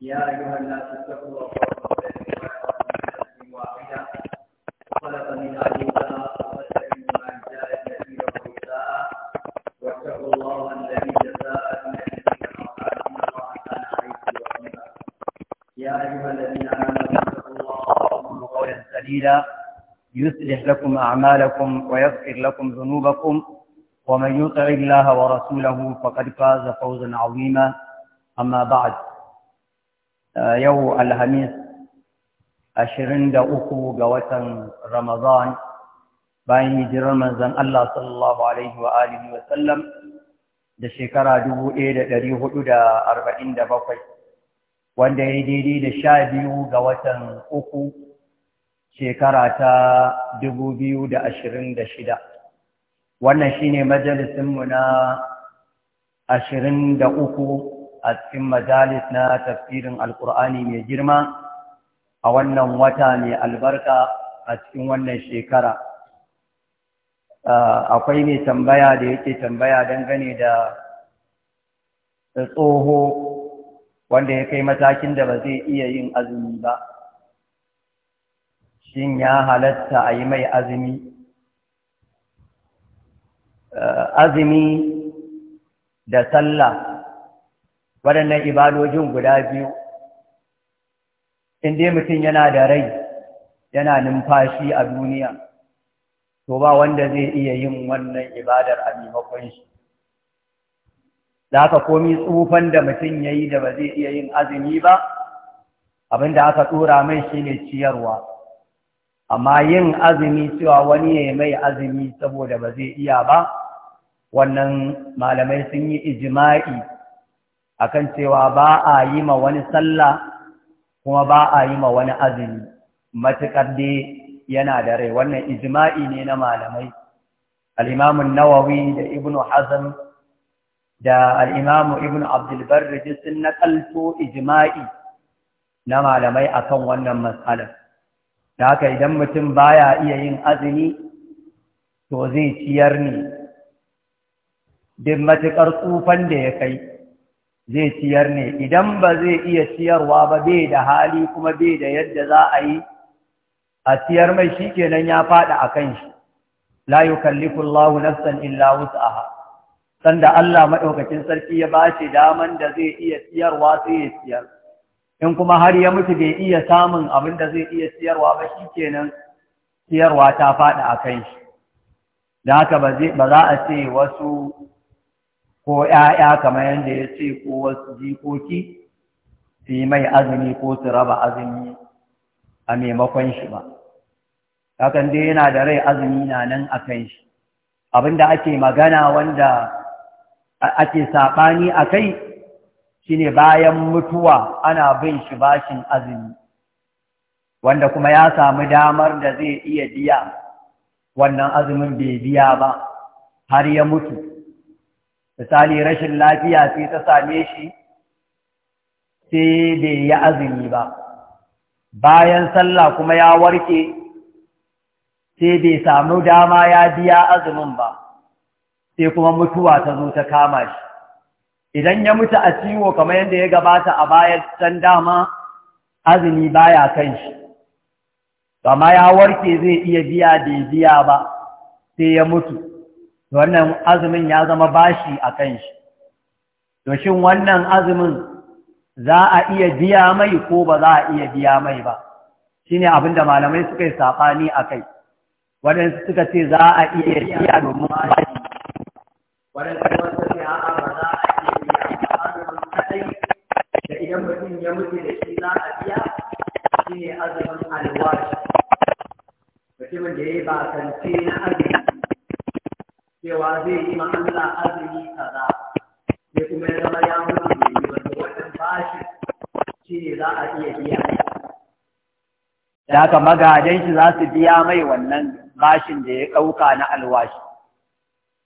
يا أيها الناس اتقوا ربكم الذي خلقكم من نفس واحدة وخلق منها زوجها وبث منهما رجالا كثيرا ونساء واتقوا الله الذي إن الله كان عليكم يا أيها الذين آمنوا اتقوا الله وقولوا قولا سديدا يصلح لكم أعمالكم ويغفر لكم ذنوبكم ومن يطع الله ورسوله فقد فاز فوزا عظيما أما بعد Eh, yau alhamis ashirin da uku ga watan ramadan bayan hijirar manzan Allah sallallahu alaihi wa alihi wa sallam da shekara dubu ɗaya da ɗari hudu da arba'in da bakwai wanda ya daidai da sha biyu ga watan uku shekara ta dubu biyu da ashirin da shida wannan shine majalisinmu na ashirin da uku a cikin majalis na tafsirin alkur'ani mai girma a wannan wata mai albarka a cikin wannan shekara akwai mai tambaya da yake tambaya dangane da tsoho wanda ya kai matakin da ba zai iya yin azumi ba shin ya halatta a yi mai azumi azumi da sallah waɗannan ibadojin guda biyu in mutum yana da rai yana numfashi a duniya to ba wanda zai iya yin wannan ibadar a maimakon shi da aka komi tsufan da mutum ya yi da ba zai iya yin azumi ba Abin da aka tsora mai shi ne ciyarwa amma yin azumi cewa wani ya mai azumi saboda ba zai iya ba wannan malamai sun yi ijima'i akan cewa ba a yi ma wani sallah kuma ba a yi ma wani azumi matuƙar dai yana da rai wannan ijma'i ne na malamai al nawawi da ibnu hazm da al-imamu ibnu abdul barr sun nakalto ijma'i na malamai akan wannan matsalar. da haka idan mutum baya iya yin azumi to zai ciyar ne duk matuƙar tsufan da ya kai zai siyar ne idan ba zai iya siyarwa ba bai da hali kuma bai da yadda za a yi a siyar mai shi kenan ya faɗi a kan shi la yukallifu Allahu nafsan illa wus'aha sanda Allah maɗaukacin sarki ya ba shi daman da zai iya siyarwa sai ya siyar. in kuma har ya mutu bai iya samun abin da zai iya siyarwa ba shi kenan siyarwa ta faɗi a kan shi da haka ba za a ce wasu ko ‘ya'ya kamar yadda ya ce ko wasu jikoki su yi mai azumi ko su raba azumi a maimakon shi ba. Hakan dai yana da rai azumi na nan a kan shi. da ake magana wanda ake saɓani a kai shi ne bayan mutuwa ana bin shi bashin azumi, wanda kuma ya samu damar da zai iya biya wannan azumin bai biya ba har ya mutu. misali rashin lafiya sai ta same shi sai bai yi azumi ba bayan sallah kuma ya warke sai bai samu dama ya biya azumin ba sai kuma mutuwa ta zo ta kama shi idan ya mutu a ciwo kamar yadda ya gabata a bayan can dama azumi baya kan shi amma ya warke zai iya biya bai biya ba sai ya mutu wannan azumin ya zama bashi a kan shi to shin wannan azumin za a iya biya mai ko ba za a iya biya mai ba shine abin da malamai suka yi saɓani a kai waɗansu suka ce za a iya biya domin bashi waɗansu suka ce a'a ba za a iya biya azumin kadai da idan mutum ya mutu da shi za a biya shine azumin alwashi mutumin da ya yi bakance na arziki cewa zai yi azumi kaza sai kuma ya zama ya mutu ne wanda wannan bashi shi ne za a iya biya da haka magadan shi za su biya mai wannan bashin da ya ɗauka na alwashi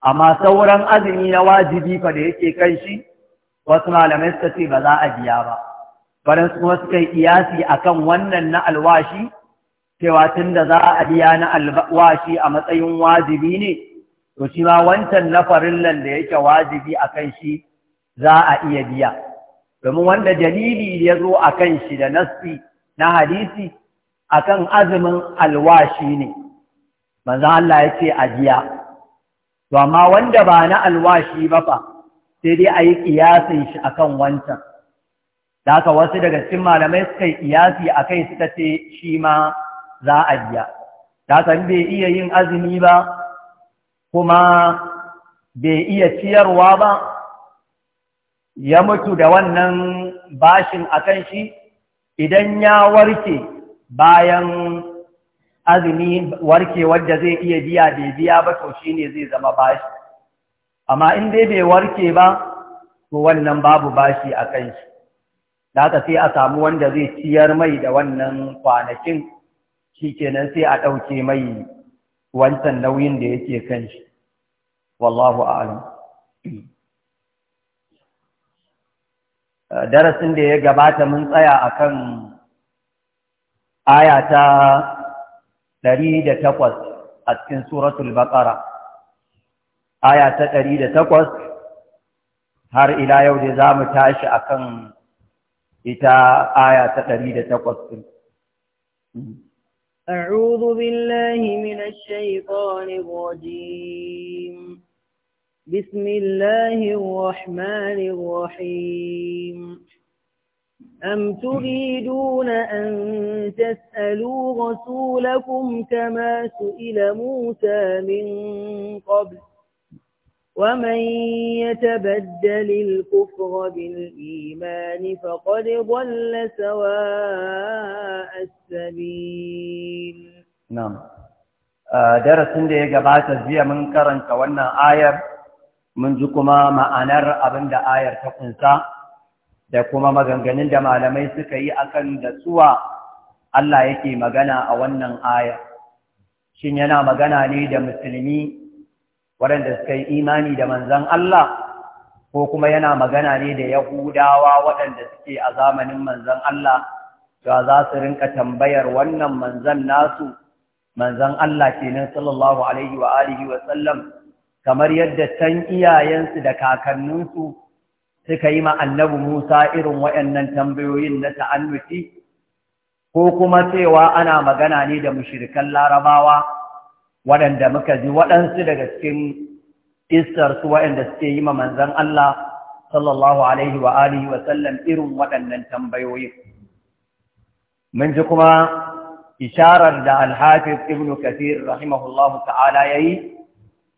amma sauran azumi na wajibi fa da yake kan shi wasu malamai suka ce ba za a biya ba barin kuma suka yi iyasi a kan wannan na alwashi cewa tun da za a biya na alwashi a matsayin wajibi ne to shi ma wancan na farillan da yake wajibi a kan shi za a iya biya domin wanda dalili ya zo a kan shi da nassi na hadisi a kan azumin alwashi ne manzo Allah ya ce a biya to amma wanda ba na alwashi ba fa sai dai a yi kiyasin shi a kan wancan da haka wasu daga cikin malamai suka yi kiyasi a kai suka ce shi ma za a biya da haka bai iya yin azumi ba kuma bai iya ciyarwa ba ya mutu da wannan bashin akan shi idan ya warke bayan azumi warke wadda zai iya biya bai biya ba to shine zai zama bashi amma in dai bai warke ba to wannan babu bashi a kan shi da haka sai a samu wanda zai ciyar mai da wannan kwanakin shi kenan sai a ɗauke mai wancan nauyin da yake kan shi wallahu a'lam darasin da ya gabata mun tsaya akan aya ta 108 a cikin suratul baqara aya ta 108 har ila yau da mu tashi akan ita aya ta 108 din أعوذ بالله من الشيطان الرجيم بسم الله الرحمن الرحيم أم تريدون أن تسألوا رسولكم كما سئل موسى من قبل ومن يتبدل الكفر بالإيمان فقد ضل سواء السبيل نعم darasin da ya gabata jiya mun karanta wannan ayar mun ji kuma ma'anar abin da ayar ta kunsa da kuma maganganun da malamai suka yi akan da suwa Allah yake magana a wannan ayar shin yana magana ne da musulmi waɗanda suka yi imani da manzan Allah ko kuma yana magana ne da Yahudawa waɗanda suke a zamanin manzan Allah, Da za su rinka tambayar wannan manzan nasu, manzan Allah kenan sallallahu Alaihi wa alihi kamar yadda can iyayensu da kakanninsu suka yi ma'annabu Musa irin waɗannan tambayoyin na ta'annuti, ko kuma cewa ana magana ne da mushirikan larabawa. waɗanda muka ji waɗansu daga cikin istarsu waɗanda suke yi ma manzan Allah sallallahu alaihi wa alihi wa sallam irin waɗannan tambayoyi mun ji kuma isharar da alhafiz ibnu kafir rahimahullahu ta'ala yayi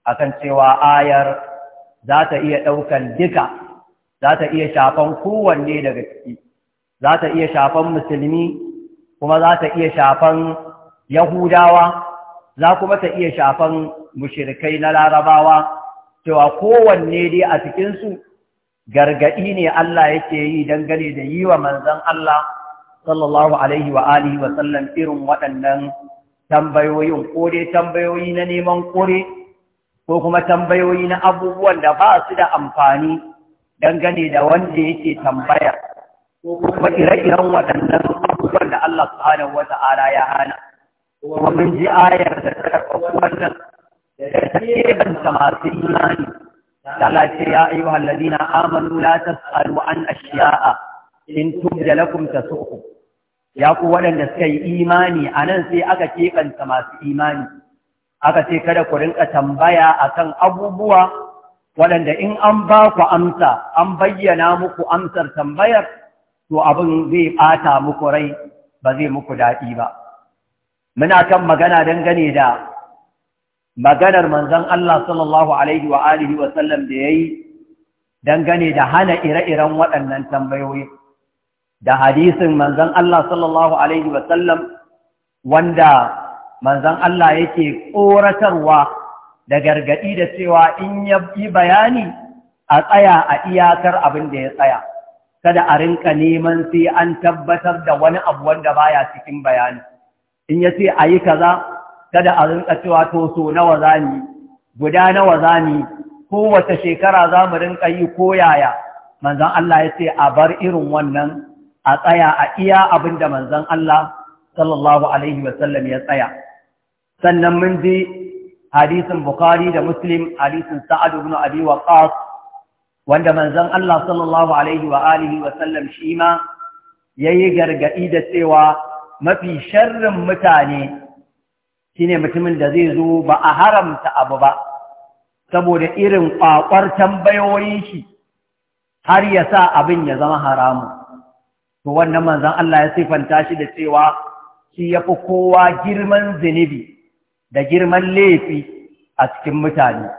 akan cewa ayar za ta iya ɗaukan duka za ta iya shafan kowanne daga ciki za ta iya shafan musulmi kuma za ta iya shafan yahudawa za kuma ta iya shafan mushirikai na larabawa cewa kowanne dai a cikinsu gargaɗi ne Allah yake yi dangane da yi wa manzan Allah sallallahu alaihi wa alihi wa sallam irin waɗannan tambayoyin ko dai tambayoyi na neman kore ko kuma tambayoyi na abubuwan da ba su da amfani dangane da wanda yake tambaya ko kuma ire-iren waɗannan abubuwan da Allah subhanahu wa ta'ala ya hana. kuma mun ji ayar da ta karɓa wannan da ke banta masu imani Allah ce ya ayu halladina amanu la tasalu an ashiya'a in tubda lakum tasu'u ya ku waɗanda suka yi imani a nan sai aka keɓanta masu imani aka ce kada ku rinka tambaya akan abubuwa waɗanda in an ba ku amsa an bayyana muku amsar tambayar to abin zai ɓata muku rai ba zai muku daɗi ba muna kan magana dangane da maganar manzon Allah sallallahu alaihi wa alihi wa sallam da yayi dangane da hana ire-iren waɗannan tambayoyi da hadisin manzon Allah sallallahu alaihi wa sallam wanda manzon Allah yake koratarwa da gargadi da cewa in yi bayani a tsaya a iyakar abin da ya tsaya kada a rinka neman sai an tabbatar da wani abu wanda baya cikin bayani in ya ce a yi kaza kada a rinka cewa to so nawa za ni guda nawa za ni kowace shekara za mu rinka yi koyaya manzan Allah ya ce a bar irin wannan a tsaya a iya abin da manzan Allah sallallahu alaihi wasallam ya tsaya sannan mun ji hadisin Bukhari da Muslim hadisin Sa'ad ibn Abi Waqqas wanda manzan Allah sallallahu alaihi wa alihi shi ma yayi gargadi da cewa mafi sharrin mutane shine mutumin da zai zo ba a haramta abu ba saboda irin ƙwaƙwar tambayoyin shi har ya sa abin ya zama haramu to wannan manzan Allah ya sifanta shi da cewa shi ya fi kowa girman zunubi da girman laifi a cikin mutane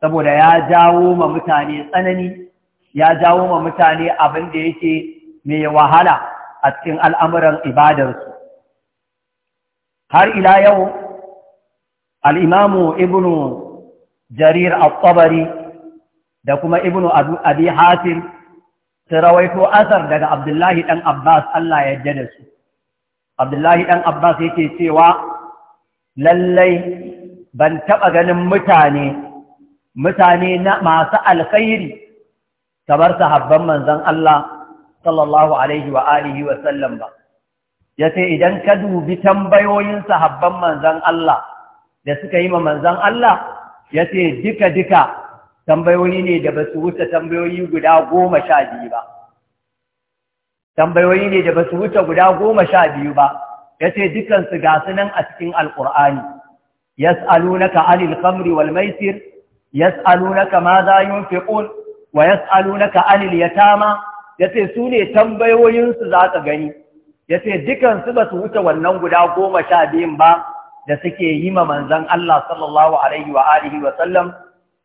saboda ya jawo ma mutane tsanani ya jawo ma mutane abin da yake mai wahala a cikin al'amuran ibadarsu har ila yau al'imamu ibnu jarir al-tabari da kuma ibnu abi hatim su rawaito asar daga abdullahi ɗan abbas Allah ya yarda da su abdullahi ɗan abbas yake cewa lallai ban taɓa ganin mutane mutane na masu alkhairi kamar sahabban manzon Allah sallallahu alaihi wa alihi wa sallam ba ya ce idan ka dubi tambayoyin sahabban manzan Allah da suka yi ma manzan Allah ya ce duka-duka tambayoyi ne da ba su wuce tambayoyi guda goma sha biyu ba tambayoyi ne da ba su wuce guda goma sha biyu ba ya ce dukansu ga su nan a cikin alƙur'ani yas'alunaka anil Kamri wal maisir yas'alunaka ma za yunfiqun wa yas'alunaka anil yatama yace su ne tambayoyinsu za ka gani ya ce dukansu ba su wuce wannan guda goma sha biyun ba da suke yi ma manzan Allah sallallahu Alaihi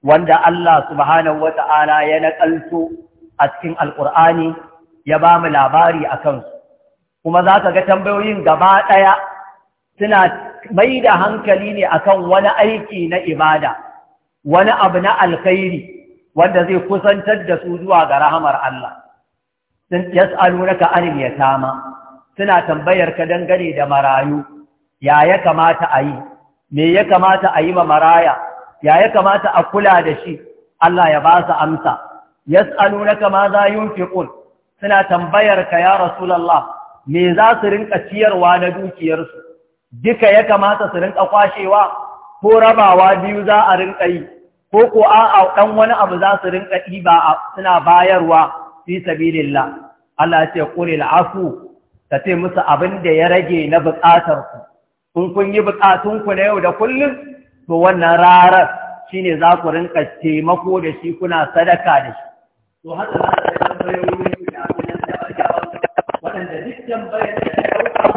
wanda Allah subhanahu wa ta'ala ya naƙalto a cikin Alƙur'ani ya ba mu labari a kansu. Kuma za ka ga tambayoyin gaba ɗaya suna mai da hankali ne akan wani aiki na ibada, wani abu na alkhairi wanda zai kusantar da su zuwa ga rahamar Allah. Sun yas'alunaka anil suna tambayar ka dangane da marayu ya ya kamata a yi me ya kamata a yi ma maraya ya ya kamata a kula da shi Allah ya ba su amsa yas'alunaka ma za yunfiqun suna tambayar ka ya rasulullah me za su rinka ciyarwa na dukiyarsu duka ya kamata su rinka kwashewa ko rabawa biyu za a rinka yi ko ko a'a dan wani abu za su rinka ɗiba suna bayarwa fi sabilillah Allah ya ce qulil afu ka ce musu abin da ya rage na buƙatarku in kun yi buƙatunku na yau da kullum to wannan rarar shi ne za ku rinka taimako da shi kuna sadaka da shi to haka za ka yi tambayoyi da abin da waɗanda duk tambayar da ya ɗauka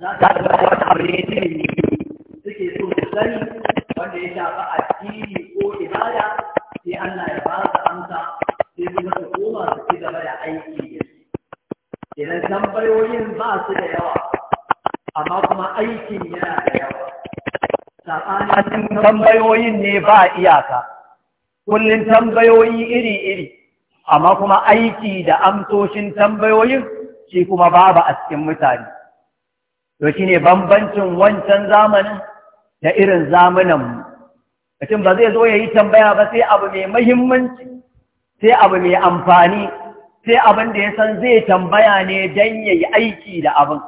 za ta ga wani abu ne ilimi suke so su sani wanda ya shafi addini ko ibada sai Allah tambayoyin ba su da yawa amma kuma aikin yana da yawa saɓanin tambayoyin ne ba iyaka kullum tambayoyi iri-iri amma kuma aiki da amsoshin tambayoyin shi kuma babu a cikin mutane to shi ne bambancin wancan zamanin da irin zamanin mutum ba zai zo ya yi tambaya ba sai abu mai mahimmanci sai abu mai amfani sai abin da ya san zai tambaya ne don ya yi aiki da abin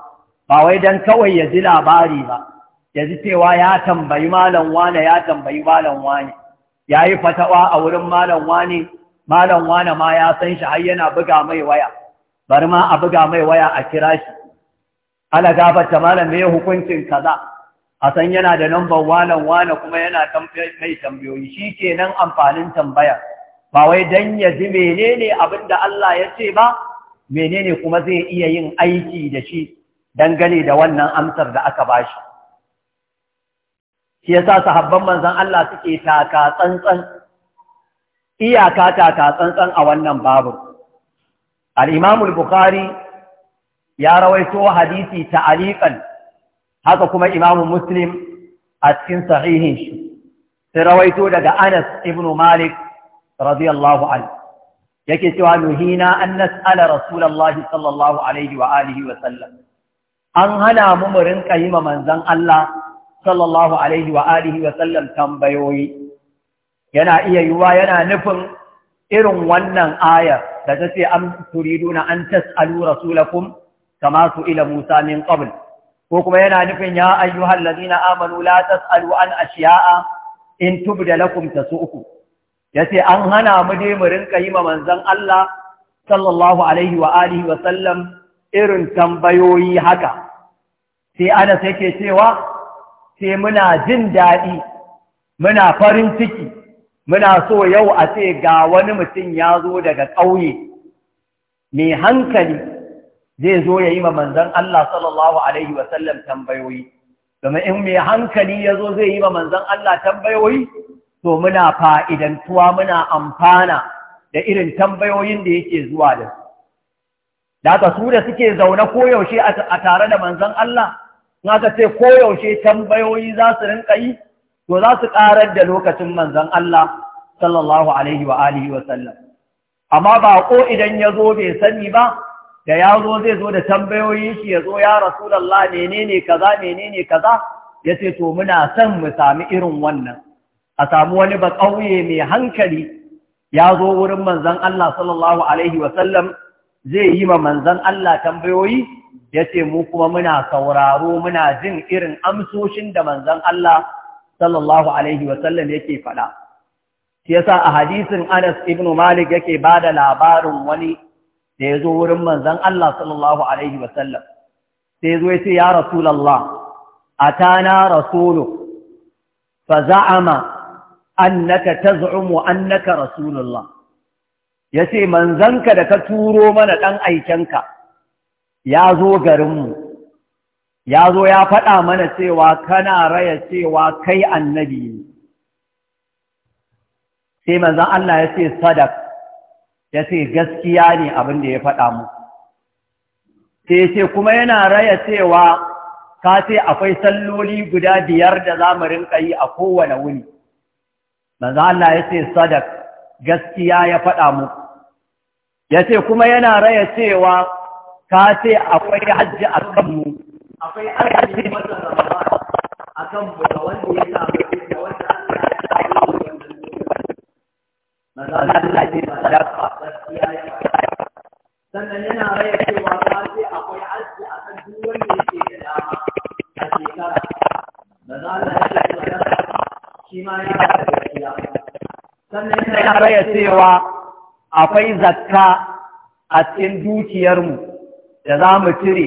ba wai don kawai ya ji labari ba ya ji cewa ya tambayi malam wane ya tambayi malam wane ya yi fatawa a wurin malam wane malam wane ma ya san shi har yana buga mai waya bari ma a buga mai waya a kira shi Ana gafarta malam mai hukuncin kaza a san yana da lambar walan wane kuma yana mai tambayoyi Shi nan amfanin tambayar ba wai dan ya ji menene abin da Allah ya ce ba menene kuma zai iya yin aiki da shi dangane da wannan amsar da aka ba shi ya yasa sahabban manzan Allah suke taka tsantsan iyaka taka tsantsan a wannan babu al bukhari ya rawaito hadisi ta'alifan haka kuma Imam Muslim a cikin sahihin shi sai rawaito daga Anas ibn Malik radiyallahu anhu yake cewa nuhina an nas'ala rasulullahi sallallahu alaihi wa alihi wa sallam an hana mu mu rinka yi ma manzon Allah sallallahu alaihi wa alihi wa sallam tambayoyi yana iya yiwa yana nufin irin wannan aya da ta ce an turiduna an tas'alu rasulakum kama su Musa min qabl ko kuma yana nufin ya ayyuhallazina amanu la tas'alu an ashiya'a in tubda lakum tasu'ukum ya ce an hana mu dai mu rinka yi ma manzan Allah sallallahu alaihi wa alihi wa sallam irin tambayoyi haka sai ana sai ke cewa sai muna jin daɗi muna farin ciki muna so yau a ce ga wani mutum ya zo daga ƙauye mai hankali zai zo ya yi ma manzan Allah sallallahu alaihi wa sallam tambayoyi domin in mai hankali ya zo zai yi ma manzan Allah tambayoyi to muna fa'idantuwa muna amfana da irin tambayoyin da yake zuwa da su. Daga su da suke zaune koyaushe a tare da manzan Allah, na ka ce koyaushe tambayoyi za su rinka yi, to za su ƙarar da lokacin manzan Allah, sallallahu Alaihi wa Alihi wasallam. Amma ba ko idan ya zo bai sani ba, da ya zo zai zo da tambayoyi shi ya zo ya rasu Rasulallah menene kaza menene kaza, ya ce to muna san mu sami irin wannan. a samu wani ba ƙauye mai hankali ya zo wurin manzan Allah sallallahu Alaihi wasallam zai yi ma manzan Allah tambayoyi ya ce mu kuma muna sauraro muna jin irin amsoshin da manzan Allah sallallahu Alaihi wasallam yake faɗa. Shi yasa a hadisin Anas ibn Malik yake ba da labarin wani da ya zo wurin manzan Allah sallallahu Alaihi wasallam. Sai zo ya ce, Ya Rasulallah, a tana Rasulu, fa za'ama annaka taz'umu annaka rasulullah yace manzanka da ka turo mana dan aikenka ya zo garinmu ya zo ya faɗa mana cewa kana raya cewa kai annabi ne sai manzan Allah ya sadaq ya gaskiya ne abin da ya faɗa mu sai yace kuma yana raya cewa ka ce akwai salloli guda biyar da za mu rinka yi a kowane wuni manzo Allah ya ce sadaq gaskiya ya faɗa mu ya ce kuma yana raya cewa ka ce akwai hajji a mu. akwai hajji a kanmu da wanda ya samu da wanda Allah ya ce sadaka gaskiya ya faɗa sannan yana raya cewa ka ce akwai hajji a kan duk wanda yake da dama a shekara manzo Allah ya ce Sannan ya yana raya cewa akwai zakka a cikin dukiyarmu da za mu cire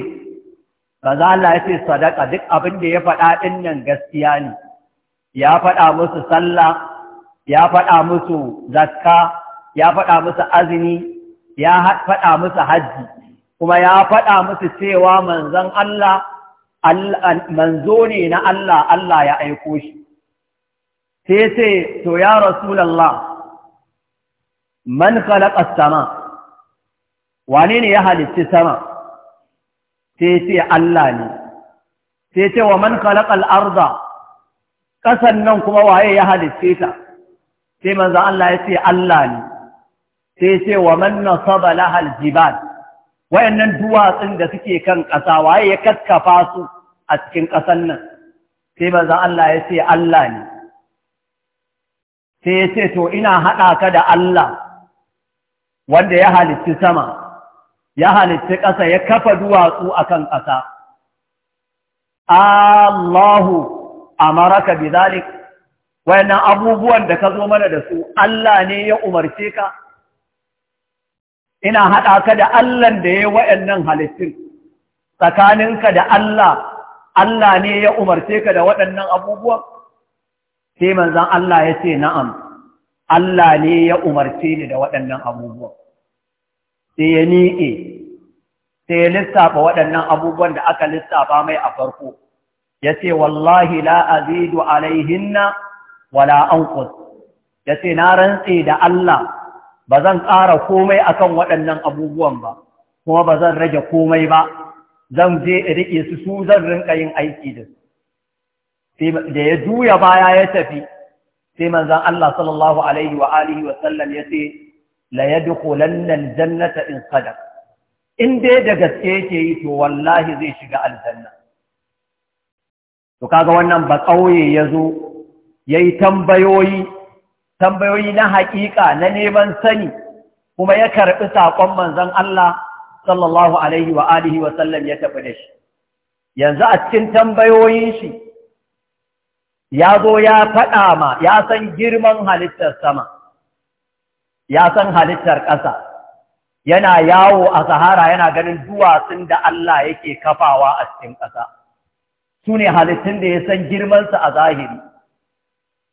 ba za Allah sadaka duk abin da ya faɗa ɗin nan gaskiya ne ya faɗa musu sallah ya faɗa musu zakka ya faɗa musu azini, ya faɗa musu hajji kuma ya faɗa musu cewa manzon Allah manzo ne na Allah Allah ya aiko shi sai ya ce to ya rasulallah man khalaqa sama wane ne ya halitta sama sai ce Allah ne sai ce wa man khalaqa al ƙasan nan kuma waye ya halitta ta sai manzo Allah ya ce Allah ne sai ce wa man nasaba laha al-jibal wayannan duwatsun da suke kan ƙasa waye ya kaskafa su a cikin ƙasan nan sai manzo Allah ya ce Allah ne sai ya ce to ina haɗa ka da Allah wanda ya halitti sama ya halitti ƙasa ya kafa duwatsu a kan ƙasa Allahu amaraka bidhalik wayannan abubuwan da ka zo mana da su Allah ne ya umarce ka ina haɗa ka da allah da ya wayannan halittun, tsakaninka da Allah, Allah ne ya umarce ka da waɗannan abubuwan? sai manzan Allah ya ce na'am Allah ne ya umarce ni da waɗannan abubuwan sai ya ni’e, sai ya lissafa waɗannan abubuwan da aka lissafa mai a farko ya ce wallahi la'azidu alaihinna wala anqus ya ce na rantse da Allah ba zan ƙara komai a kan waɗannan abubuwan ba kuma ba zan rage komai ba zan je riƙe su su zan rinka yin aiki da su da ya juya baya ya tafi sai manzan Allah sallallahu alaihi wa alihi wa sallam ya ce la yadkhulanna jannata in sadar. in dai da gaske yake yi to wallahi zai shiga aljanna to kaga wannan ba zo, ya yayi tambayoyi tambayoyi na haƙiƙa na neman sani kuma ya karɓi saƙon manzon Allah sallallahu alaihi wa alihi wa sallam ya tafi da shi yanzu a cikin tambayoyin shi ya zo ya faɗa ma ya san girman halittar sama ya san halittar ƙasa yana yawo a sahara yana ganin duwatsun da Allah yake kafawa a cikin ƙasa su ne halittun da ya san girmansa a zahiri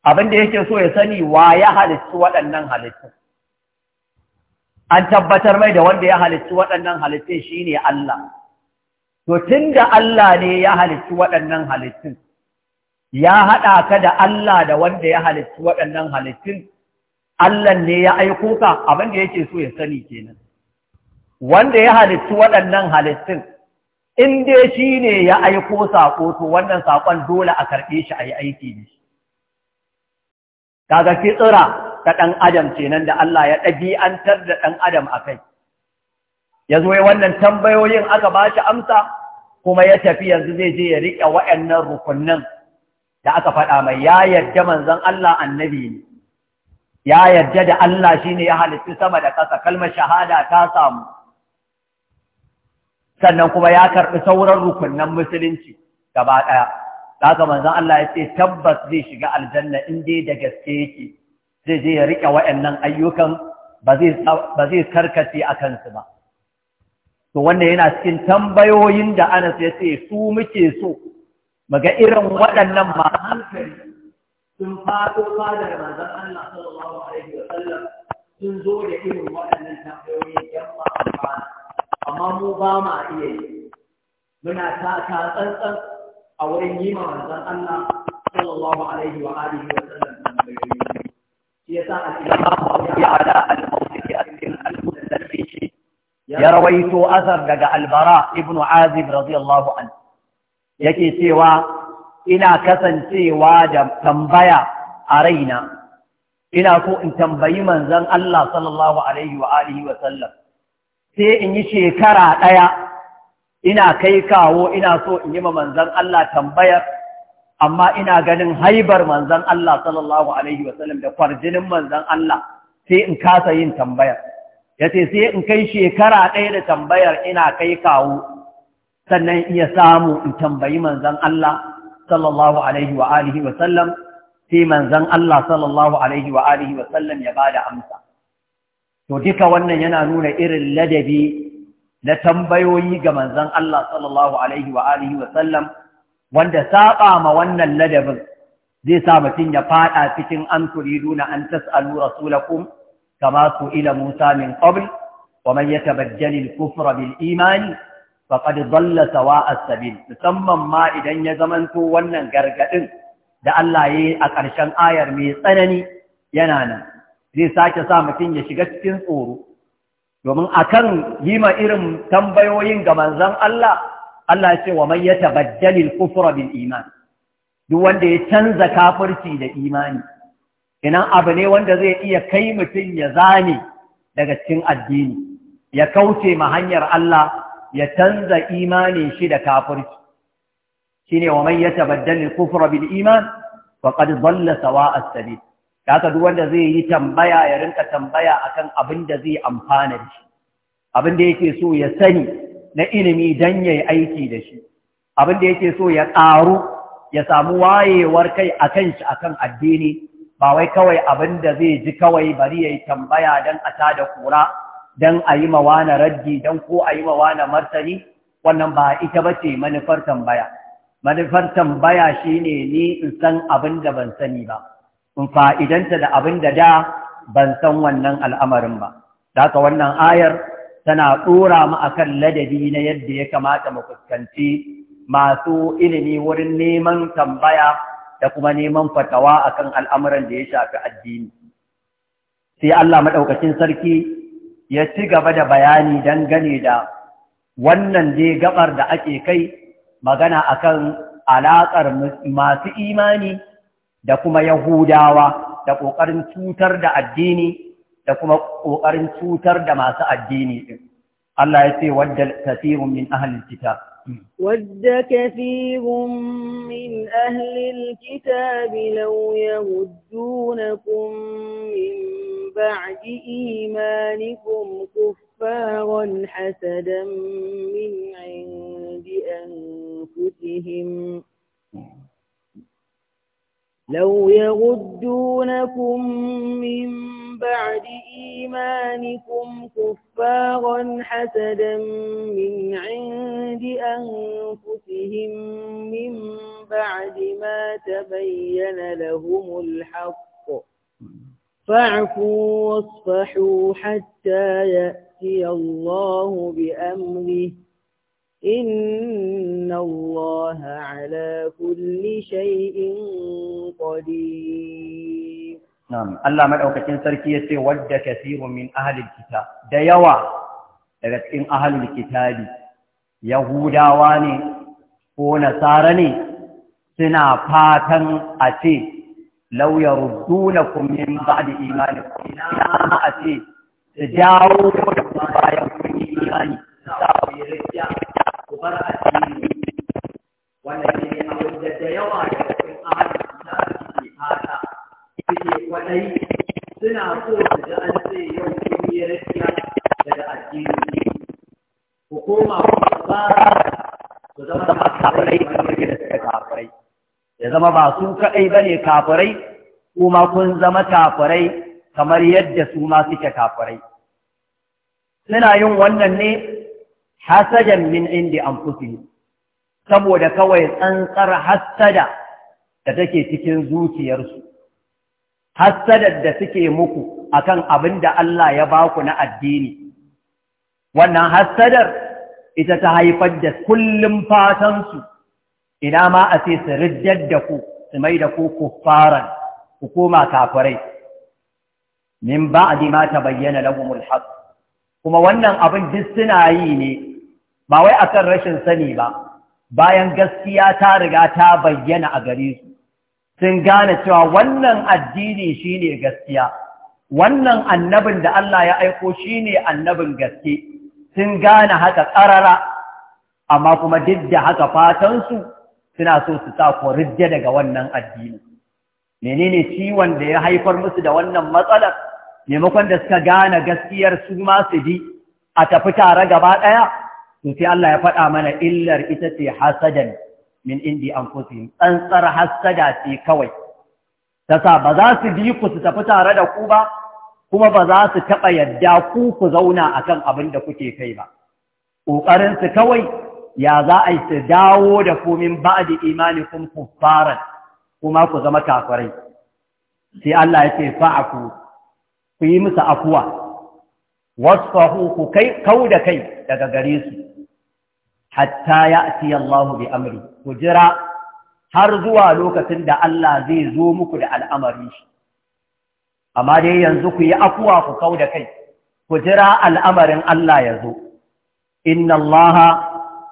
abin da yake so ya sani wa ya halittu waɗannan halittun an tabbatar mai da wanda ya halittu waɗannan halittun shi ne Allah to tun da Allah ne ya halittu waɗannan halittun ya haɗa ka da Allah da wanda ya halittu waɗannan halittun, Allah ne ya aiko ka abin da yake so ya sani kenan. Wanda ya halittu waɗannan halittun, in dai shi ne ya aiko saƙo to wannan saƙon dole a karɓe shi a yi aiki da shi. Kaga fitsira ta ɗan Adam kenan da Allah ya ɗabi'antar da ɗan Adam a kai. Ya zo wannan tambayoyin aka ba shi amsa kuma ya tafi yanzu zai je ya riƙe waɗannan rukunnan da aka faɗa mai ya yarda manzon Allah annabi ne ya yarda da Allah shine ya halittu sama da ƙasa kalmar shahada ta samu sannan kuma ya karɓi sauran rukunnan musulunci gaba ɗaya daga manzon Allah ya ce tabbas zai shiga aljanna in dai da gaske yake zai je ya riƙe waɗannan ayyukan ba zai karkace a kansu ba to wannan yana cikin tambayoyin da Anas ya ce su muke so maga irin waɗannan ma hankali sun fado fadar manzon Allah sallallahu alaihi wa sallam sun zo da irin waɗannan tambayoyi yan ma'amma amma mu ba ma iya yi muna ta ta tsantsan a wurin yi ma manzon Allah sallallahu alaihi wa alihi wa sallam tambayoyi shi yasa al-Imam ya ala al-Mawdudi al-Musallim ya rawaito asar daga Al-Bara ibn Azib radiyallahu anhu yake cewa ina kasancewa da tambaya a raina ina so in tambayi manzon Allah sallallahu alaihi wa alihi wa sallam sai in yi shekara ɗaya ina kai kawo ina so in yi ma manzon Allah tambayar amma ina ganin haibar manzon Allah sallallahu alaihi wa sallam da kwarjinin manzon Allah sai in kasa yin tambayar yace sai in kai shekara ɗaya da tambayar ina kai kawo sannan iya samu in tambayi manzan Allah sallallahu alaihi wa alihi sai manzan Allah sallallahu alaihi wa alihi ya bada amsa to duka wannan yana nuna irin ladabi na tambayoyi ga manzan Allah sallallahu alaihi wa alihi wa wanda saba ma wannan ladabin zai sa mutum ya fada cikin an na an tas'alu rasulakum kama su ila Musa min qabl wa man yatabajjal al-kufra bil imani. faƙad dalla a sabil musamman ma idan ya zamanto wannan gargadin da Allah ya yi a ƙarshen ayar mai tsanani yana nan zai sake sa mutum ya shiga cikin tsoro domin akan yi ma irin tambayoyin ga manzon Allah Allah ce wa man yatabaddalil kufra bil iman duk wanda ya canza kafirci da imani Inan abu ne wanda zai iya kai mutum ya zane daga cikin addini ya kauce ma hanyar Allah ya canza imanin shi da kafirci shine wa man yatabaddal al-kufra bil iman faqad dhalla sawa'a as-sabil kaga duk wanda zai yi tambaya ya rinka tambaya akan abin da zai amfana da shi abin da yake so ya sani na ilimi dan yayi aiki da shi abin da yake so ya ƙaru ya samu wayewar kai akan shi akan addini ba wai kawai abin da zai ji kawai bari yayi tambaya dan a tada kura don a yi mawana raddi dan ko a yi mawana martani wannan ba ita ba ce manufar tambaya manufar tambaya shine ni in san abin da ban sani ba in fa'idanta da abin da da ban san wannan al'amarin ba Daka wannan ayar tana ɗora mu akan ladabi na yadda ya kamata mu fuskanci masu ilimi wurin neman tambaya da kuma neman fatawa akan al'amuran da ya shafi addini sai Allah maɗaukacin sarki ya ci gaba da bayani don gane da wannan dai gabar da ake kai magana akan alaƙar masu imani da kuma yahudawa da ƙoƙarin cutar da addini da kuma ƙoƙarin cutar da masu addini ɗin Allah ya ce wadda tafihun min ahalin Wadda kitab ود كثير من bi lauya لو na من بعد إيمانكم كفارا حسدا من عند أنفسهم لو يغدونكم من بعد إيمانكم كفارا حسدا من عند أنفسهم من بعد ما تبين لهم الحق فاعفوا واصفحوا حتى يأتي الله بأمره إن الله على كل شيء قدير نعم الله مدعوكتين سركية ود كثير من أهل الكتاب ديوا لكن أهل الكتاب يهودا واني ونصارني سنا فاتن أتي Lauyan yaruddunakum ba da imanikum ina ma a ce da jawo da kuma bayan kun imani za ku yi rijiya ku bar addini wannan ne abin da da yawa da kun ahadu da suke fata suke suna so su ji an yau da da addini ku koma ku ku zama da kafirai kamar su ya zama ba su kaɗai ba ne kafirai kuma kun zama kafirai kamar yadda su ma suke kafirai suna yin wannan ne hasadan min indi kufi. saboda kawai tsantsar hasada da take cikin zuciyarsu hassadar da suke muku akan abin da Allah ya baku na addini wannan hassadar ita ta haifar da kullum fatansu ina ma a ce su riddar da ku su mai da ku kuffaran ku koma kafirai min ba'di ma bayyana lahumul haqq kuma wannan abin duk suna yi ne ba wai akan rashin sani ba bayan gaskiya ta riga ta bayyana a gare su sun gane cewa wannan addini shine gaskiya wannan annabin da Allah ya aiko shine annabin gaske sun gane haka ƙarara amma kuma duk da haka fatansu suna so su sa ku rijje daga wannan addini menene ciwon da ya haifar musu da wannan matsalar maimakon da suka gane gaskiyar su ma su bi a tafi tare gaba ɗaya to sai Allah ya faɗa mana illar ita ce hasadan min indi anfusihim tsantsar hasada ce kawai ta sa ba za su bi ku su tafi tare da ku ba kuma ba za su taɓa yadda ku ku zauna akan abin da kuke kai ba ƙoƙarinsu kawai ya za a yi dawo da komin ba'adi imani kun fara kuma ku zama kafirai sai Allah ya ce fa'aku ku yi musu afuwa wasfahu ku kai kau da kai daga gare su hatta ya'ti Allahu bi amri ku jira har zuwa lokacin da Allah zai zo muku da al'amari shi amma dai yanzu ku yi afuwa ku kau da kai ku jira al'amarin Allah ya zo inna Allaha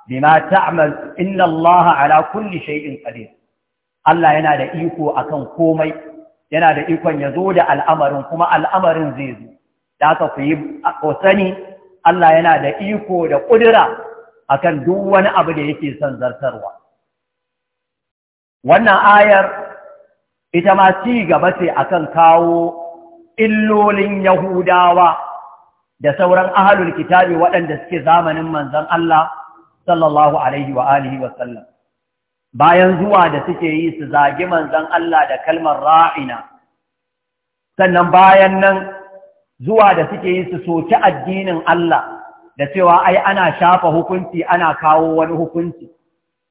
bima ta'mal inna ala kulli shay'in qadir Allah yana da iko akan komai yana da ikon ya zo da al'amarin kuma al'amarin zai zo da aka ku yi sani Allah yana da iko da ƙudura akan duk wani abu da yake son zartarwa wannan ayar ita ma ci gaba ce akan kawo illolin Yahudawa da sauran ahalul kitabi waɗanda suke zamanin manzon Allah sallallahu alaihi wa alihi wa sallam bayan zuwa da suke yi su zagi manzon Allah da kalmar ra'ina sannan bayan nan zuwa da suke yi su soki addinin Allah da cewa ai ana shafa hukunci ana kawo wani hukunci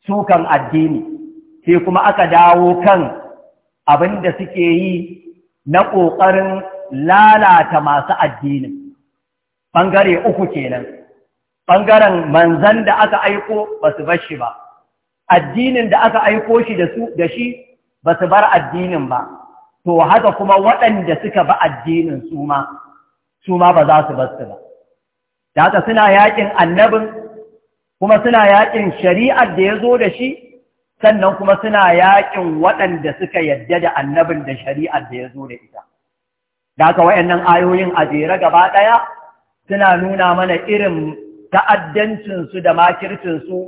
sukan addini sai kuma aka dawo kan abin da suke yi na ƙoƙarin lalata masu addinin ɓangare uku kenan ɓangaren manzan da aka aiko ba su bar shi ba addinin da aka aiko shi da shi ba su bar addinin ba to haka kuma waɗanda suka ba addinin su ma su ma ba za su bar su ba da haka suna yaƙin annabin kuma suna yaƙin shari'ar da ya zo da shi sannan kuma suna yaƙin waɗanda suka yadda da annabin da shari'ar da ya zo da ita da haka waɗannan ayoyin a jere gaba ɗaya suna nuna mana irin ta'addancinsu da makircinsu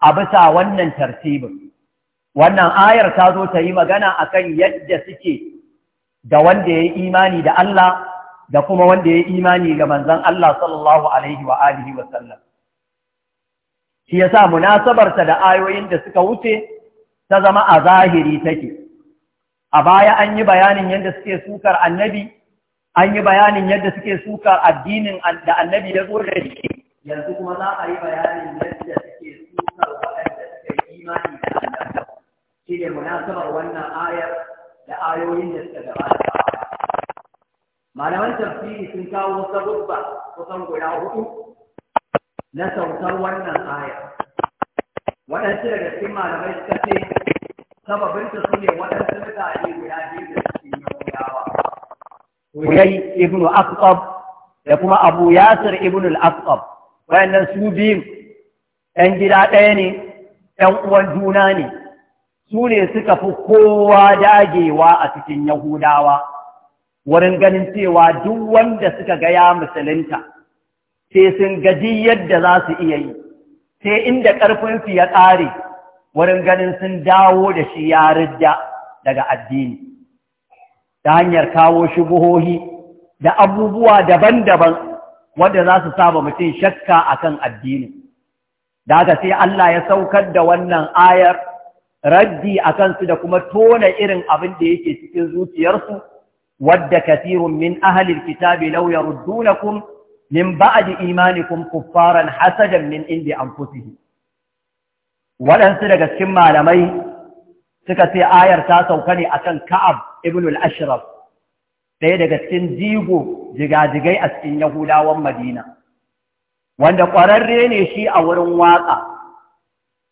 a bisa wannan tartibin. Wannan ayar ta zo ta yi magana a kan yadda suke da wanda ya yi imani da Allah da kuma wanda ya yi imani ga manzan Allah sallallahu Alaihi wa alihi wa sallam). Shi ya sa munasabarta da ayoyin da suka wuce ta zama a zahiri take. A baya an yi bayanin yadda suke sukar annabi, an yi bayanin yadda suke sukar addinin da annabi ya zo da shi. yanzu kuma za a yi bayanin yadda suke sukar waɗanda suka yi imani da Allah shi ne munasabar wannan ayar da ayoyin da suka gabata malaman tafsiri sun kawo sabubba kusan guda hudu na sautar wannan ayar waɗansu daga cikin malamai suka ce sababinta su ne waɗansu mutane guda biyu da suke yahudawa Huyai ibn Asqab da kuma Abu Yasir ibn al-Asqab nan su biyu ‘yan gida ɗaya ne ‘yan uwan juna ne su ne suka fi kowa dagewa a cikin yahudawa wurin ganin cewa duk wanda suka ga ya musulunta sai sun gaji yadda za su iya yi sai inda ƙarfinsu ya ƙare wurin ganin sun dawo da shi ya ridda daga addini ta hanyar kawo shi buhohi da abubuwa daban-daban wanda za su saba mutum shakka akan addini da haka sai Allah ya saukar da wannan ayar raddi a kansu, da kuma tona irin abin da yake cikin zuciyarsu wadda kasirun min ahli kitabi lauya yaruddunakum min ba'di imanikum kuffaran hasadan min indi anfusihim waɗansu daga cikin malamai suka ce ayar ta sauka ne akan Ka'ab ibn al-Ashraf ɗaya daga cikin jigo jigajigai a cikin Yahudawan Madina, wanda ƙwararre ne shi a wurin waƙa,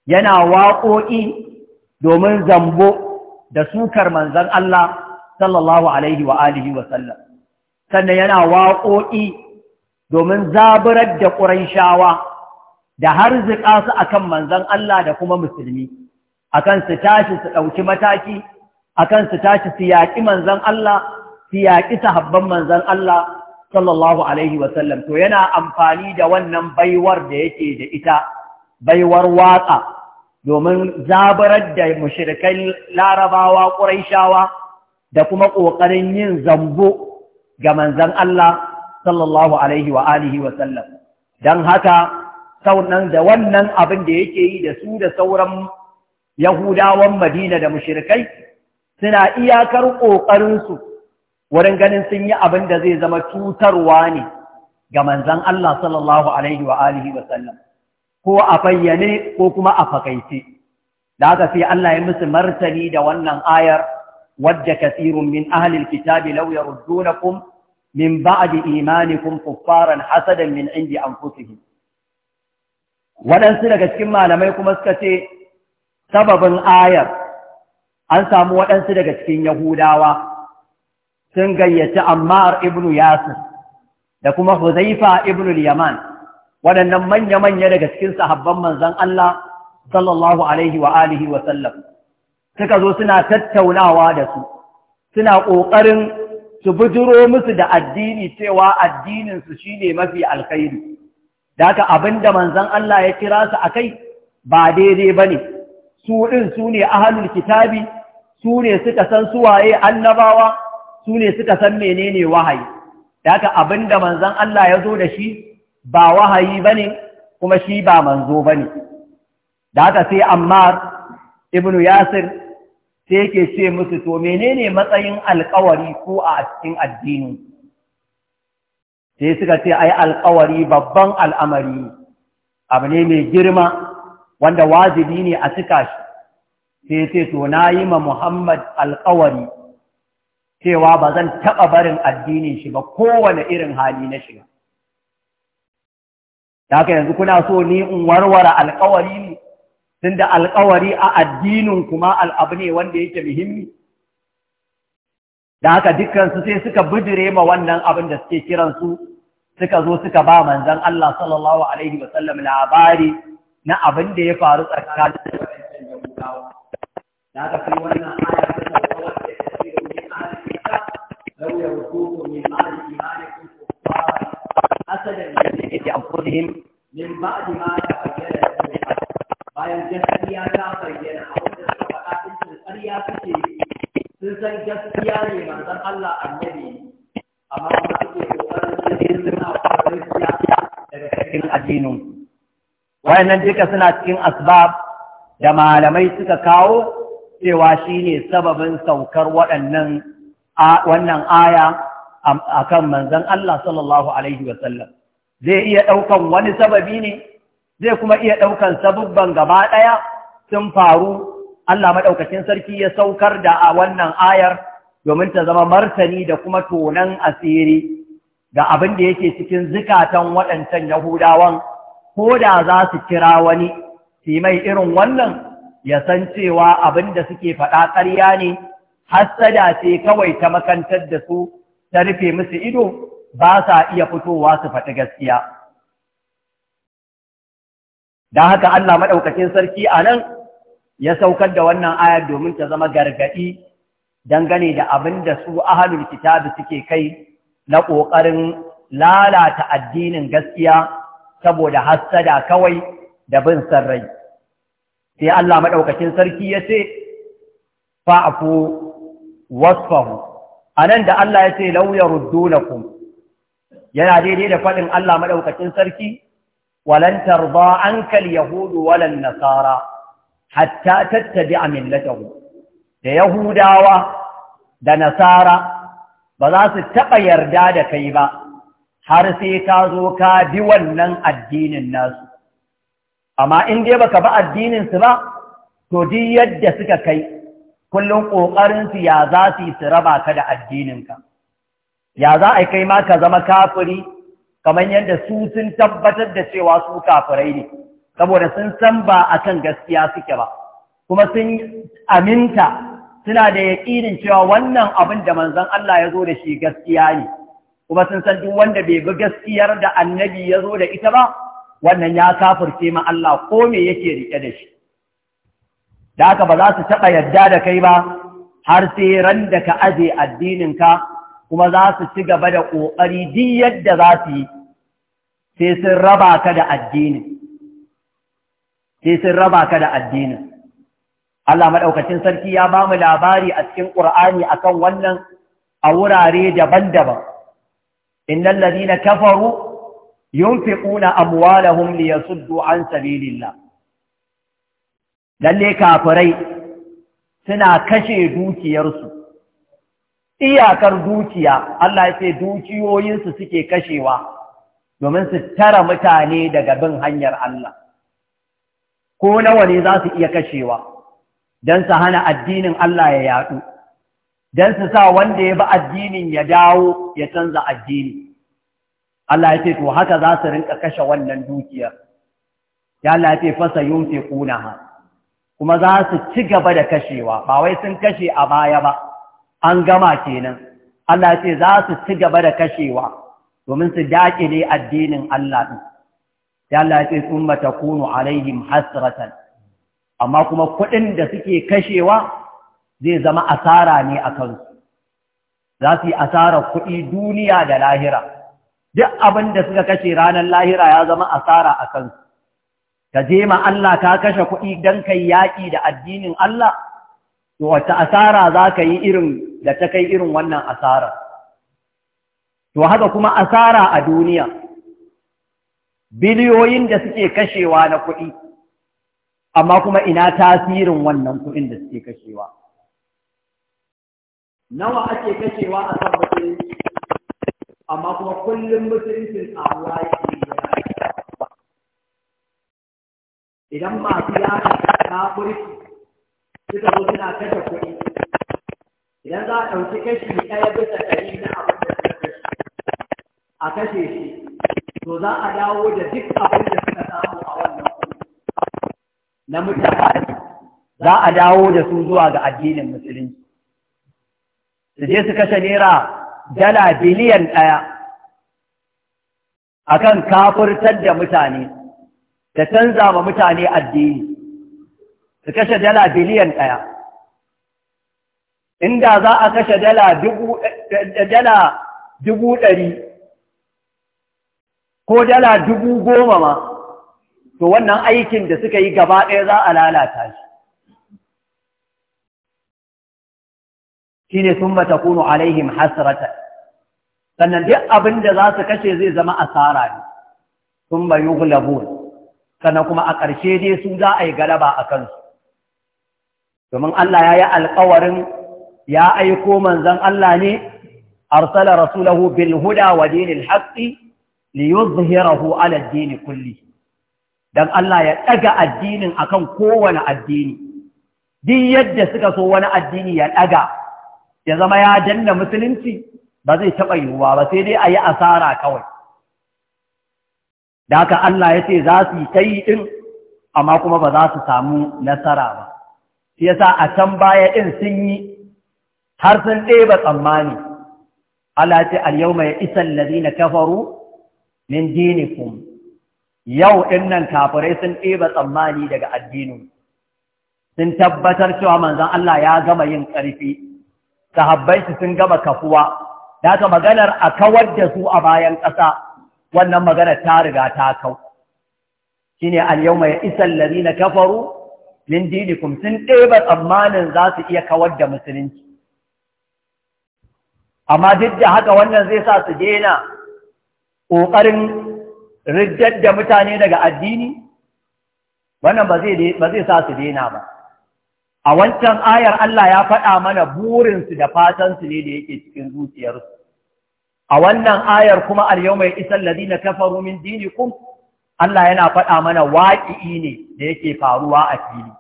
yana waƙoƙi domin zambo da sukar manzan Allah sallallahu Alaihi wa alihi wasallam, sannan yana waƙoƙi domin zaburar da ƙuraishawa da har zika su a kan manzan Allah da kuma musulmi, a kan su tashi su ɗauki mataki, a kan su tashi su yaƙi manzan Allah su yaƙi sahabban manzon Allah sallallahu alaihi wasallam to yana amfani da wannan baiwar da yake da ita baiwar watsa domin zabarar da mushirikai larabawa ƙuraishawa da kuma ƙoƙarin yin zambo ga manzan Allah sallallahu alaihi wa alihi don haka saunan da wannan abin da yake yi da su da sauran yahudawan madina da mushirikai suna iyakar ƙoƙarinsu wurin ganin sun yi abin da zai zama cutarwa ne ga manzan Allah sallallahu alaihi wa alihi wa sallam ko a bayyane ko kuma a fakaice da aka sai Allah ya musu martani da wannan ayar wadda kasirun min ahlil kitabi law yaruddunakum min ba'di imanikum kuffaran hasadan min indi anfusihim waɗansu daga cikin malamai kuma suka ce sababin ayar an samu waɗansu daga cikin yahudawa sun gayyaci Ammar ibn Yasir da kuma Huzaifa ibn Yaman waɗannan manya-manya daga cikin sahabban manzon Allah sallallahu alaihi wa alihi wa sallam suka zo suna tattaunawa da su suna ƙoƙarin su bujiro musu da addini cewa addinin su shine mafi alkhairi da haka abinda manzon Allah ya kira su akai ba daidai bane su din su ne ahlul kitabi su ne suka san suwaye annabawa su ne suka san menene wahayi da haka abinda manzan Allah ya zo da shi ba wahayi ba ne kuma shi ba manzo ba ne. da haka sai amma ibnu Yasir sai yake ce musu to menene matsayin alkawari ko a cikin addini sai suka ce ai alkawari babban al'amari abu ne mai girma wanda wajibi ne a cika shi sai sai to na yi ma Muhammad alkawari cewa ba zan taɓa barin addinin shi ba kowane irin hali na shiga. Da haka yanzu kuna so ni in warware alkawari ne, tun da alkawari a addinin kuma al'abu ne wanda yake muhimmi. Da haka dukansu sai suka bijire ma wannan abin da suke kiransu suka zo suka ba manzan Allah sallallahu Alaihi wasallam labari na abin da ya faru tsakanin da haka sai wannan ayar لو يركوكم من بعد إيمانكم كفارا حسدا من أنفسهم من بعد ما تبين لهم الحق bayan gaskiya ta bayyana a wanda suka faɗa sun ce ƙarya suke sun san gaskiya ne Allah su daga cikin wayannan duka suna cikin asbab da malamai suka kawo cewa shine sababin saukar waɗannan a wannan aya a kan manzan Allah sallallahu alaihi wasallam zai iya ɗaukan wani sababi ne zai kuma iya ɗaukan sabubban gaba ɗaya sun faru Allah maɗaukacin sarki ya saukar da a wannan ayar domin ta zama martani da kuma tonan asiri ga abin da yake cikin zikatan waɗancan Yahudawan ko da za su kira wani su mai irin wannan ya san cewa abin da suke faɗa ƙarya ne hassada ce kawai ta makantar da su ta rufe musu ido ba sa iya fitowa su faɗi gaskiya don haka Allah maɗaukacin sarki a nan ya saukar da wannan ayar domin ta zama gargaɗi dangane da abin da su ahalul kitabi suke kai na ƙoƙarin lalata addinin gaskiya saboda hassada kawai da bin sarrai sai Allah maɗaukacin sarki ya ce fa'afu wasfahu anan da Allah ya ce law yaruddunakum yana daidai da faɗin Allah madaukakin sarki walan tarda anka alyahudu walan nasara hatta tattabi'a millatahum da yahudawa da nasara ba za su taɓa yarda da kai ba har sai ka zo ka bi wannan addinin nasu amma in dai baka ba addinin su ba to duk yadda suka kai kullum ƙoƙarinsu ya za su yi su raba ka da addininka ya za a kai ma ka zama kafiri kamar yadda su sun tabbatar da cewa su kafirai ne saboda sun san ba a kan gaskiya suke ba kuma sun aminta suna da yaƙinin cewa wannan abin da manzon Allah ya zo da shi gaskiya ne kuma sun san duk wanda bai bi gaskiyar da annabi ya zo da ita ba wannan ya kafirce ma Allah ko me yake rike da shi da haka ba za su taɓa yadda da kai ba har sai ran da ka aje addininka kuma za su ci gaba da ƙoƙari duk yadda za su yi sai sun raba ka da addinin sai sun raba ka da addinin Allah maɗaukacin sarki ya ba mu labari a cikin ƙur'ani akan wannan a wurare daban-daban innal ladina kafaru yunfiquna amwalahum liyasuddu an sabilillah lalle kafirai suna kashe dukiyarsu iyakar dukiya Allah ya ce dukiyoyinsu suke kashewa domin su tara mutane daga bin hanyar Allah ko nawa ne za su iya kashewa don su hana addinin Allah ya yaɗu don su sa wanda ya bi addinin ya dawo ya canza addini Allah ya ce to haka za su rinka kashe wannan dukiyar ya Allah ya fasa yunfe kunaha kuma za su ci gaba da kashewa ba wai sun kashe a baya ba an gama kenan Allah ce za su ci gaba da kashewa domin su dakile addinin Allah din sai Allah ya ce thumma takunu alaihim hasratan amma kuma kuɗin da suke kashewa zai zama asara ne a kansu za su yi asarar kuɗi duniya da lahira duk abin da suka kashe ranar lahira ya zama asara a kansu ka je ma Allah ka kashe kuɗi don kai yaƙi da addinin Allah to wace asara za ka yi irin da ta kai irin wannan asara to haka kuma asara a duniya biliyoyin da suke kashewa na kuɗi amma kuma ina tasirin wannan kuɗin da suke kashewa nawa ake kashewa a kan amma kuma kullum musuluncin a waye idan masu yada ta su suka zo suna kashe kuɗi idan za a ɗauki kashi ɗaya bisa ɗari na abin da suka kashe a kashe shi to za a dawo da duk abin da suka samu a wannan na mutane za a dawo da su zuwa ga addinin musulunci su je su kashe naira dala biliyan ɗaya akan kafurtar da mutane ta canza ma mutane addini su kashe dala biliyan ɗaya inda za a kashe dala dubu ɗari ko dala dubu goma ma to wannan aikin da suka yi gaba ɗaya za a lalata shi shi ne sun mata kunu alaihim hasrata sannan duk abin da za su kashe zai zama asara ne sun bayu labun sannan kuma a ƙarshe dai su za a yi galaba a kansu domin Allah ya yi alƙawarin ya aiko manzon Allah ne arsala rasulahu bil huda wa dinil haqqi li yuzhirahu ala ad-din kulli dan Allah ya ɗaga addinin akan kowane addini duk yadda suka so wani addini ya ɗaga ya zama ya danna musulunci ba zai taɓa yiwuwa ba sai dai a yi asara kawai da aka Allah ya ce za su yi ta yi ɗin amma kuma ba za su samu nasara ba shi yasa a can baya ɗin sun yi har sun ɗeba tsammani Allah ya ce al mai isan lari na kafaru min dinikum yau ɗin nan kafirai sun ɗeba tsammani daga addinin sun tabbatar cewa manzon Allah ya gama yin ƙarfi sahabbai su sun gama kafuwa da aka maganar a kawar da su a bayan ƙasa wannan magana ta riga ta kau shine al-yawma ya'isal ladina kafaru min dinikum sun ɗeba tsammanin za su iya kawar da musulunci amma duk da haka wannan zai sa su dena ƙoƙarin riddar da mutane daga addini wannan ba zai sa su dena ba a wancan ayar Allah ya faɗa mana burinsu da fatansu ne da yake cikin zuciyarsu a wannan ayar kuma al mai isan ladina kafaru min kum, Allah yana faɗa mana waƙi'i ne da yake faruwa a fili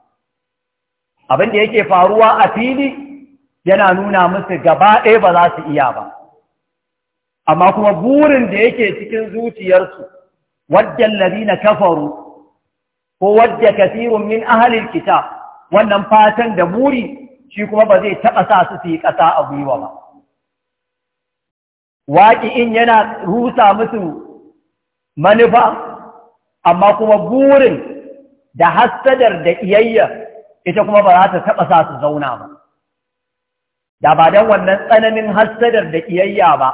abin da yake faruwa a fili yana nuna musu gaba ɗaya ba za su iya ba amma kuma burin da yake cikin zuciyarsu wajen ladina kafaru ko wajen kasirun min ahalin kita wannan fatan da buri, shi kuma ba zai taɓa sa su su yi ƙasa a gwiwa ba in yana rusa musu manufa amma kuma burin da hassadar da iyayya ita kuma ba za ta taɓa sa su zauna ba da ba don wannan tsananin hassadar da iyayya ba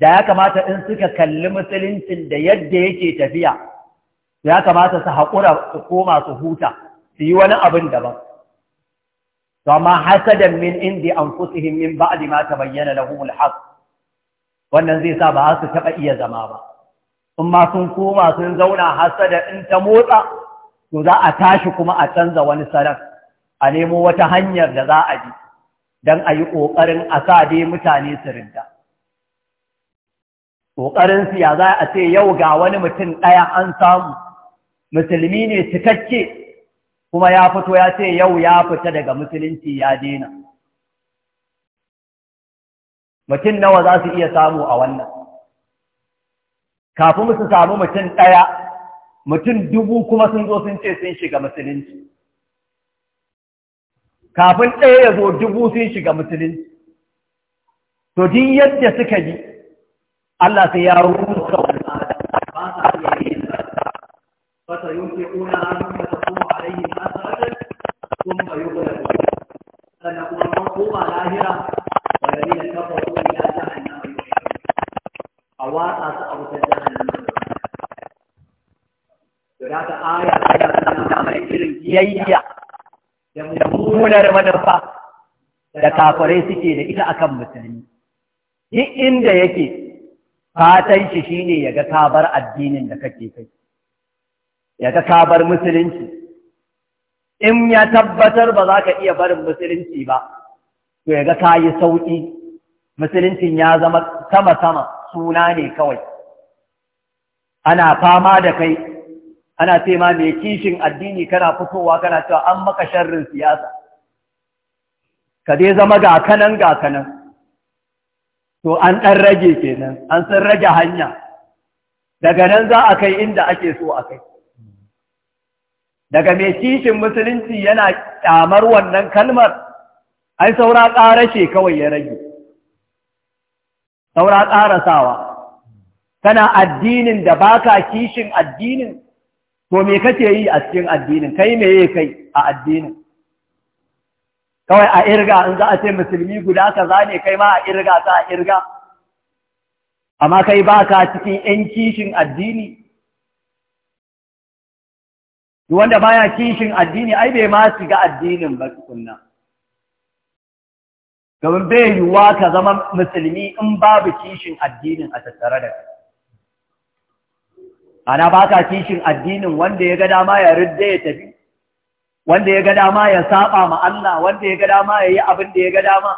da ya kamata in suka kalli musuluncin da yadda yake tafiya ya kamata su haƙura su koma su huta su yi wani abin daban to amma hasadan min indi anfusihim min ba'di ma bayyana lahumul haqq wannan zai sa ba su taɓa iya zama ba in ma sun koma sun zauna da in ta motsa to za a tashi kuma a canza wani salon a nemo wata hanyar da za a bi don a yi ƙoƙarin a sa dai mutane su rinda ƙoƙarin ya za a ce yau ga wani mutum ɗaya an samu musulmi ne cikakke kuma ya fito ya ce yau ya fita daga musulunci ya daina. mutum nawa za su iya samu a wannan kafin su samu mutum ɗaya mutum dubu kuma sun zo sun ce sun shiga musulunci kafin ɗaya ya zo dubu sun shiga musulunci to din yadda suka ji Allah sai ya rusa wannan ba sa iya yin yi yunke una biyayya da mummunar manufa da kafirai suke da ita akan mutane duk inda yake fatan shi shine ya ga kabar addinin da kake kai ya ga kabar musulunci in ya tabbatar ba za ka iya barin musulunci ba to ya ga ka yi sauƙi musuluncin ya zama sama-sama suna ne kawai ana fama da kai ana ce ma mai kishin addini kana fitowa kana cewa an maka sharrin siyasa ka dai zama ga kanan ga kanan to an ɗan rage kenan an san rage hanya daga nan za a kai inda ake so a kai daga mai kishin musulunci yana ƙyamar wannan kalmar ai saura ƙarashe kawai ya rage saura ƙarasawa kana addinin da baka kishin addinin to me kake yi a cikin addinin kai me kai a addinin kawai a irga in za a ce musulmi guda ka zane kai ma a irga ta a irga amma kai ba ka cikin ‘yan kishin addini wanda baya kishin addini ai bai ma shiga addinin ba tukunna domin bai yiwuwa ka zama musulmi in babu kishin addinin a tattare da kai ana ba ka kishin addinin wanda ya ga dama ya ridda ya tafi wanda ya ga dama ya saba ma Allah wanda ya ga dama ya yi abin da ya ga dama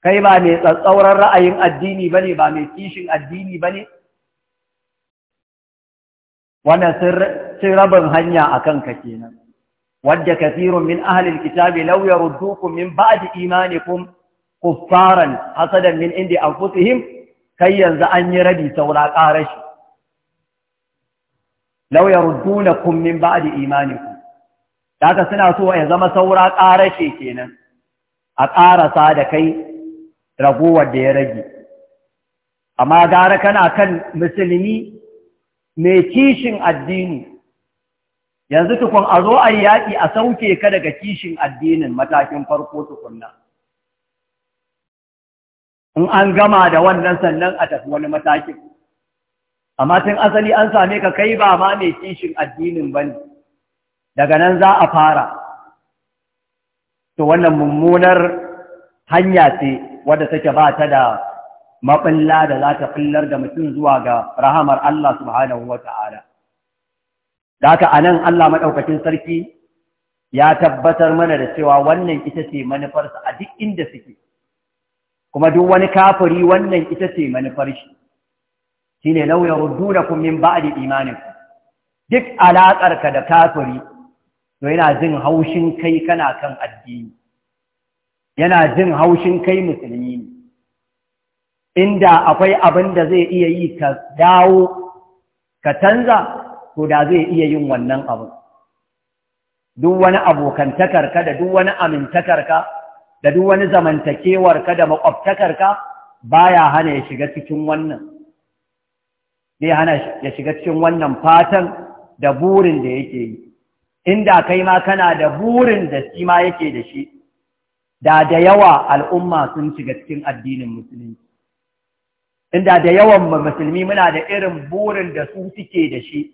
kai ba mai tsatsauran ra'ayin addini ba ne ba mai kishin addini ba ne wannan sun rabin hanya a ka kenan wadda kasirun min ahalin kitabi lau ya ruddukum min ba'di imanikum kuffaran hasadan min indi anfusihim kai yanzu an yi rabi saura shi. law yardunakum min ba'di imanikum daga suna so ya zama saura ƙarashe kenan a ƙarasa da kai ragowar da ya rage amma gara kana kan musulmi mai kishin addini yanzu tukun a zo a yaƙi a sauke ka daga kishin addinin matakin farko tukunna in an gama da wannan sannan a tafi wani matakin amma tun asali an same ka kai ba ma mai kishin addinin ba ne daga nan za a fara to wannan mummunar hanya ce wadda take ba ta da maɓilla da za ta fillar da mutum zuwa ga rahamar Allah subhanahu wa ta'ala. Da a nan Allah maɗaukacin sarki ya tabbatar mana da cewa wannan ita ce manufarsa a duk inda suke, kuma duk wani kafiri wannan ita ce manufar shi. shine law yaruddunakum min ba'di imanikum duk alaƙarka da kafiri to yana jin haushin kai kana kan addini yana jin haushin kai musulmi ne inda akwai abin da zai iya yi ka dawo ka canza to da zai iya yin wannan abu duk wani abokantakarka da duk wani amintakarka da duk wani zamantakewar ka da makwabtakarka baya hana ya shiga cikin wannan zai hana ya shiga cikin wannan fatan da burin da yake yi inda kai ma kana da burin da shi ma yake da shi da da yawa al'umma sun shiga cikin addinin musulunci inda da yawan musulmi muna da irin burin da su suke da shi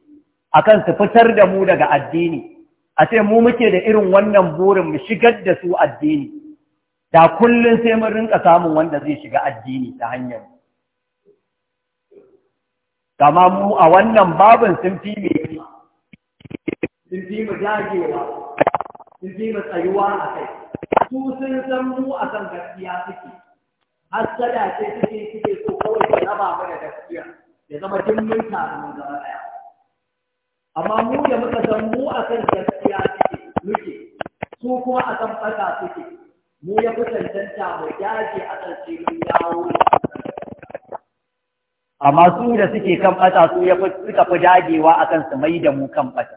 akan su fitar da mu daga addini a ce mu muke da irin wannan burin mu shigar da su addini da kullum sai mun rinka samun wanda zai shiga addini ta hanyar kama mu a wannan babin sun fi me sun fi mu jagewa sun fi mu tsayuwa a kai su sun san mu a kan gaskiya suke hassada ce suke suke so kawai su raba mu da gaskiya ya zama jin mun da mun zama daya amma mu da muka san mu a kan gaskiya suke muke su kuma a kan fata suke mu ya fi tantanta mu jaje a kan shirin dawo amma su da suke kan bata su ya fi suka fi dagewa akan su mai da mu kan bata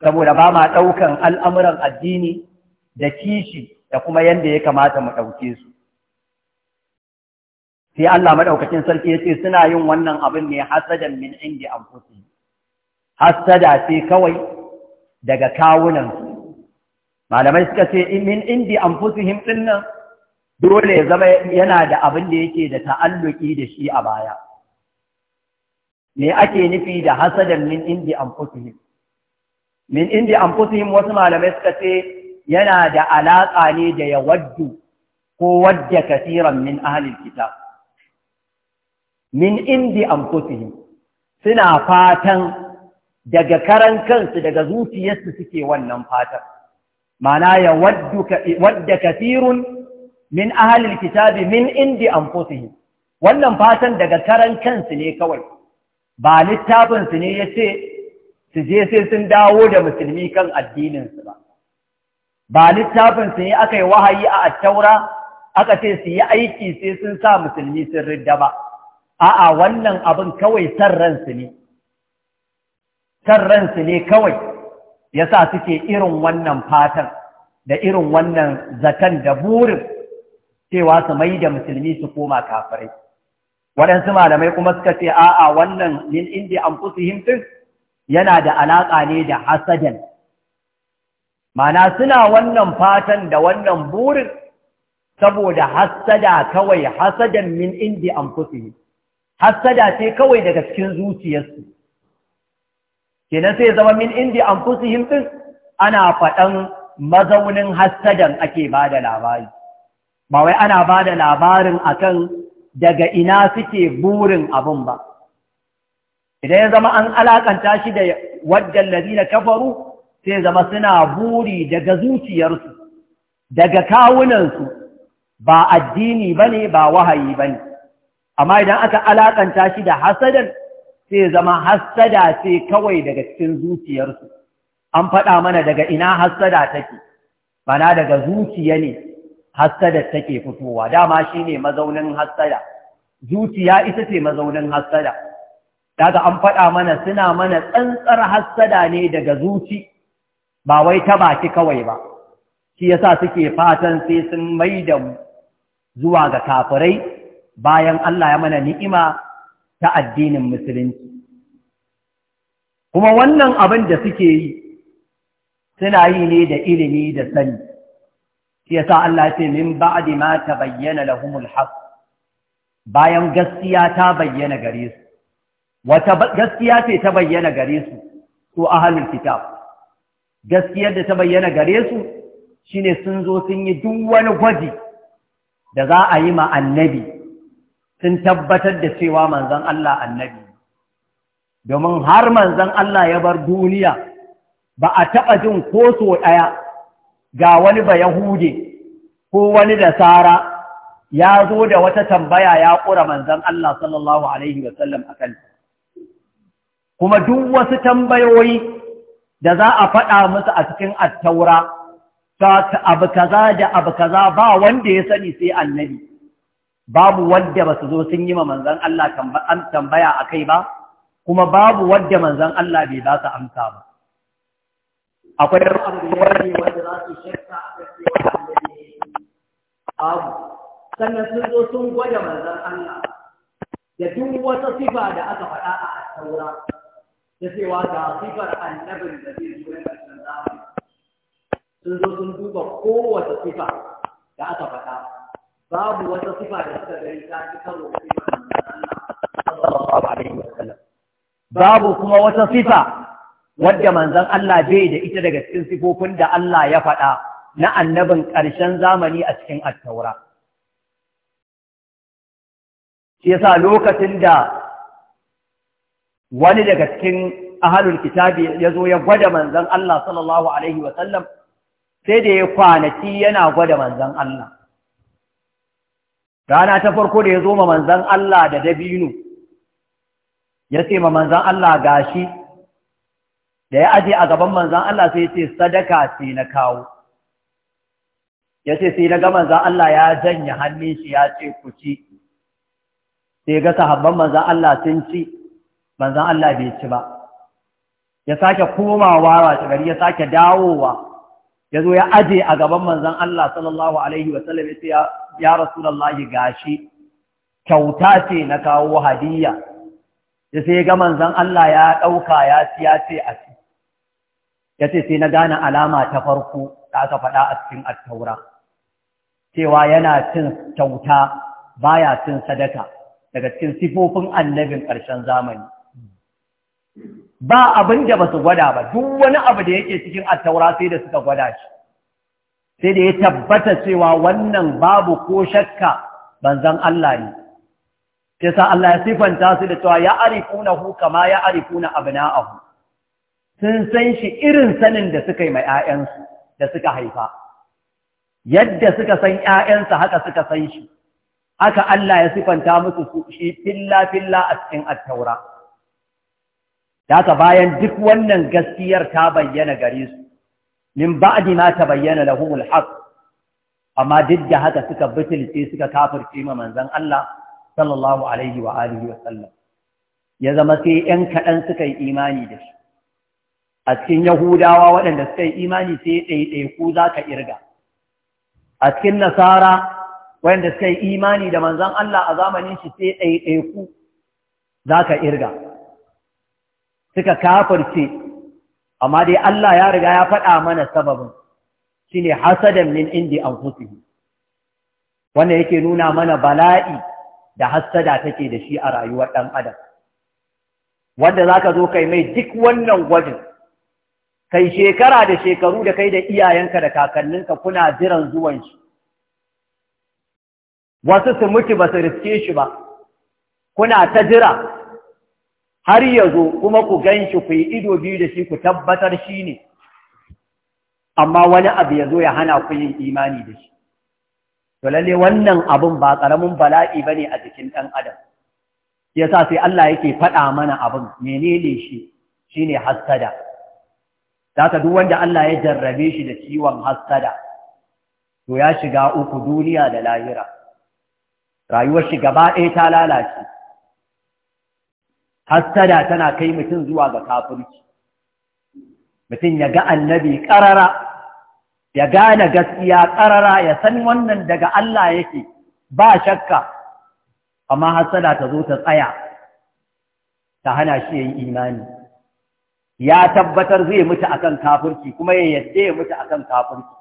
saboda ba ma ɗaukan al'amuran addini da kishi da kuma yadda ya kamata mu ɗauke su sai Allah maɗaukacin sarki ya ce suna yin wannan abin ne hasadan min inji fusi hasada ce kawai daga kawunansu malamai suka ce min indi fusi himɗin nan dole ya zama yana da abin da yake da ta'alluki da shi a baya me ake nufi da hasadan min indi anfusihim min indi anfusihim wasu malamai suka ce yana da alaƙa ne da ya waddu ko wadda kasiran min ahlil kitab min indi anfusihim suna fatan daga karan kansu daga zuciyarsu suke wannan fatan ma'ana ya wadda kasirun min ahalil kitabi min indi anfusihim wannan fatan daga karan kansu ne kawai ba littafin su ne yace su je sai sun dawo da musulmi kan addinin su ba ba littafin su ne akai wahayi a attaura aka ce su yi aiki sai sun sa musulmi sun ridda ba a'a wannan abin kawai san su ne san su ne kawai yasa suke irin wannan fatan da irin wannan zaton da burin cewa su mai da musulmi su koma kafirai waɗansu malamai kuma suka ce a'a wannan min indi anfusihim himfin yana da alaƙa ne da hasadan mana suna wannan fatan da wannan burin saboda hasada kawai hasadan min indi anfusihim hasada ce kawai daga cikin zuciyarsu kenan sai zama min indi anfusihim din ana faɗan mazaunin hasadan ake ba da labari ba wai ana ba da labarin akan daga ina suke burin abin ba idan ya zama an alakanta shi da waddan na kafaru sai zama suna buri daga zuciyarsu daga kawunansu ba addini ba ne, ba wahayi ba ne. amma idan aka alaƙanta shi da hasadan sai zama hassada ce kawai daga cikin zuciyarsu an faɗa mana daga ina hassada take bana daga zuciya ne hassada take fitowa dama shine mazaunin hassada zuciya ita ce mazaunin hassada daga an faɗa mana suna mana tsantsar hassada ne daga zuci ba wai ta baki kawai ba shi yasa suke fatan sai sun maida da zuwa ga kafirai bayan Allah ya mana ni'ima ta addinin musulunci kuma wannan abin da suke yi suna yi ne da ilimi da sani shi yasa Allah ce min dima ta bayyana lahumul haqq bayan gaskiya ta bayyana gare su wata gaskiya ce ta bayyana gare su to halin kitab gaskiyar da ta bayyana gare su shine sun zo sun yi duk wani gwaji da za a yi ma annabi sun tabbatar da cewa manzon Allah annabi domin har manzon Allah ya bar duniya ba a taɓa jin ko so ɗaya ga wani ba Yahude ko wani da Sara ya zo da wata tambaya ya ƙura manzan Allah sallallahu Alaihi wasallam a kan. Kuma duk wasu tambayoyi da za a faɗa musu a cikin attaura, ta abu kaza da abu kaza ba wanda ya sani sai annabi, babu wanda ba su zo sun yi ma manzan Allah tambaya a kai ba, kuma babu wadda manzan Allah bai ba su amsa ba. akwai ruwan wanda za su shakka a gaskiya annabi ne babu sannan sun zo sun gwada manzon Allah da duk wata sifa da aka faɗa a taura da cewa ga sifar annabin da zai zo na ƙarshen zamani sun zo sun duba kowace sifa da aka faɗa babu wata sifa da suka gani ta ci karo da sifar Allah babu kuma wata sifa wadda manzon Allah bai da ita daga cikin sifofin da Allah ya faɗa na annabin ƙarshen zamani a cikin attaura shi yasa lokacin da wani daga cikin ahalul kitabi ya zo ya gwada manzon Allah sallallahu alaihi Wasallam, sai da ya kwanaki yana gwada manzon Allah rana ta farko da ya zo ma manzon Allah da dabino ya ce ma manzon Allah gashi da ya aje a gaban manzan Allah sai ya ce sadaka ce na kawo ya ce sai na ga manzan Allah ya janye hannun shi ya ce ku ci sai ga sahabban manzan Allah sun ci manzan Allah bai ci ba ya sake komawa wa gari ya sake dawowa ya zo ya aje a gaban manzan Allah sallallahu alaihi wasallam ya ce ya rasulullahi gashi kyauta ce na kawo hadiyya ya sai ga manzan Allah ya ɗauka ya ci ya ce a ci ya ce sai na gane alama ta farko da aka faɗa a cikin attaura cewa yana cin kyauta baya cin sadaka daga cikin sifofin annabin ƙarshen zamani ba abin da ba su gwada ba duk wani abu da yake cikin attaura sai da suka gwada shi sai da ya tabbata cewa wannan babu ko shakka banzan Allah ne sai sa Allah ya sifanta su da cewa ya arifuna hu kama ya arifuna abna'ahu sun san shi irin sanin da suka yi mai ‘ya'yansu da suka haifa, yadda suka san ‘ya'yansa haka suka san shi, haka Allah ya sifanta musu shi filla-filla a cikin attaura. Daka bayan duk wannan gaskiyar ta bayyana gare su, min ba'adi ma ta bayyana lahumul haq, amma duk da haka suka butulce suka kafirce ma manzon Allah sallallahu alaihi Ya zama sai ‘yan kaɗan suka yi imani da shi. a cikin yahudawa waɗanda suka yi imani sai ɗaiɗaiku za ka irga a cikin nasara waɗanda suka yi imani da manzan Allah a zamanin shi sai ɗaiɗaiku za ka irga suka kafarce amma dai Allah ya riga ya faɗa mana sababin shi ne hasadan min indi an wannan yake nuna mana bala'i da hassada take da shi a rayuwar ɗan adam wanda za ka zo kai mai duk wannan gwajin kai shekara da shekaru da kai da iyayenka da kakanninka kuna jiran zuwan shi wasu su mutu ba su riske shi ba kuna ta jira har ya zo kuma ku gan shi ku yi ido biyu da shi ku tabbatar shi ne amma wani abu ya zo ya hana ku yin imani da shi to lalle wannan abun ba ƙaramin bala'i ba ne a jikin ɗan adam yasa sai Allah yake faɗa mana abin menene shi shine hassada zaka duk wanda Allah ya jarrabe shi da ciwon hassada to ya shiga uku duniya da lahira rayuwar shi gaba ɗaya ta lalace hassada tana kai mutum zuwa ga kafirci mutum ya ga annabi ƙarara ya gane gaskiya ƙarara ya san wannan daga Allah yake ba shakka amma hassada ta zo ta tsaya ta hana shi ya imani ya tabbatar zai mutu akan kafirci kuma ya yadda ya mutu akan kafirci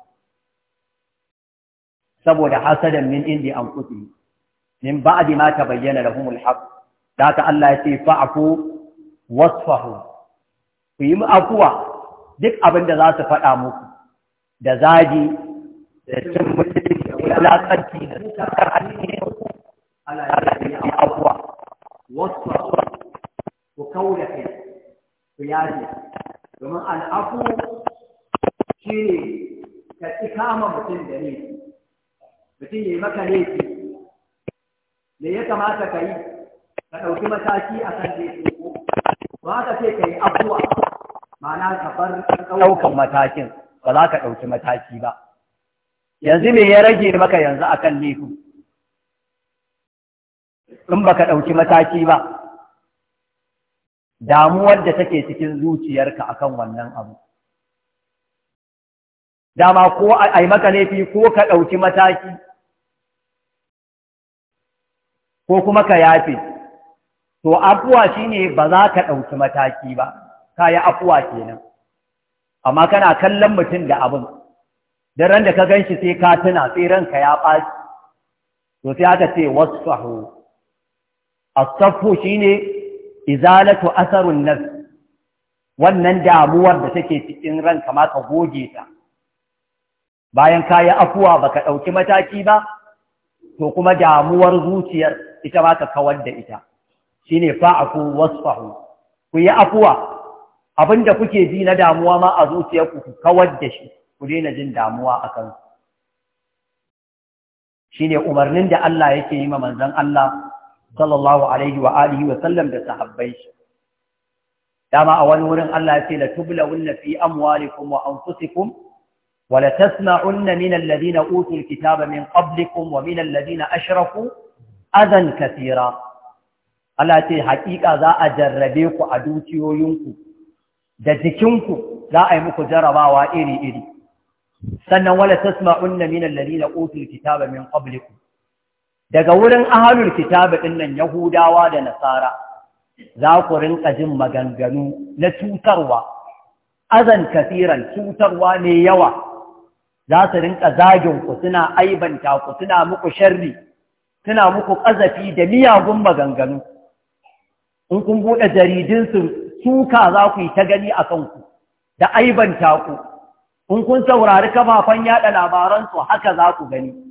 saboda hasadan min indi anfusihim min ba'di ma tabayyana lahumul haqq daka Allah ya ce fa'fu wasfahu ku yi afuwa duk abin da za su faɗa muku da zaji da cin mutunci da wulaƙanci da tsakar hannun Allah ya yi afuwa wasfahu ku kaura kai su domin al'afu shi ne ka ci kama mutum da laifi mutum ya yi maka laifi me ya kamata ka yi ka ɗauki mataki a kan laifi ko ba ka ce ka yi abuwa ma'ana ka bar ɗaukan matakin ba za ka ɗauki mataki ba yanzu me ya rage maka yanzu akan laifin in ba ka ɗauki mataki ba damuwar da take cikin zuciyarka akan wannan abu dama ko a yi maka laifi ko ka ɗauki mataki ko kuma ka yafe to afuwa shine ba za ka ɗauki mataki ba ka yi afuwa kenan amma kana kallon mutum da abin don ran da ka gan shi sai ka tuna sai ranka ya ɓaci to sai aka ce wasu sahu a shi shine izalatu asarun nas wannan damuwar da take cikin ranka ma ka goge ta bayan kayi afuwa baka ɗauki mataki ba to kuma damuwar zuciyar ita ba ka kawar da ita shine fa'afu wasfahu ku yi afuwa abinda kuke ji na damuwa ma a zuciyarku ku kawar da shi ku daina jin damuwa a kansu shine umarnin da Allah yake yi ma manzon Allah sallallahu alaihi wa alihi wa sallam da sahabbai shi dama a wani wurin Allah ya ce la tublawunna fi amwalikum wa anfusikum wa la tasma'unna min alladhina utul kitaba min qablikum wa min alladhina ashraku adan kathira Allah ya ce hakika za a jarrabe ku a dukiyoyinku da jikinku za a yi muku jarrabawa iri iri sannan wala tasma'unna min alladhina utul kitaba min qablikum daga wurin ahalul kitabi ɗinnan nan Yahudawa da Nasara za ku rinka jin maganganu na cutarwa azan kasiran cutarwa ne yawa za su rinka zagin ku suna aibanta ku suna muku sharri suna muku ƙazafi da miyagun maganganu in kun buɗe jaridinsu suka za ku yi ta gani a kanku da aibanta ku in kun saurari kafafen yaɗa labaransu haka za ku gani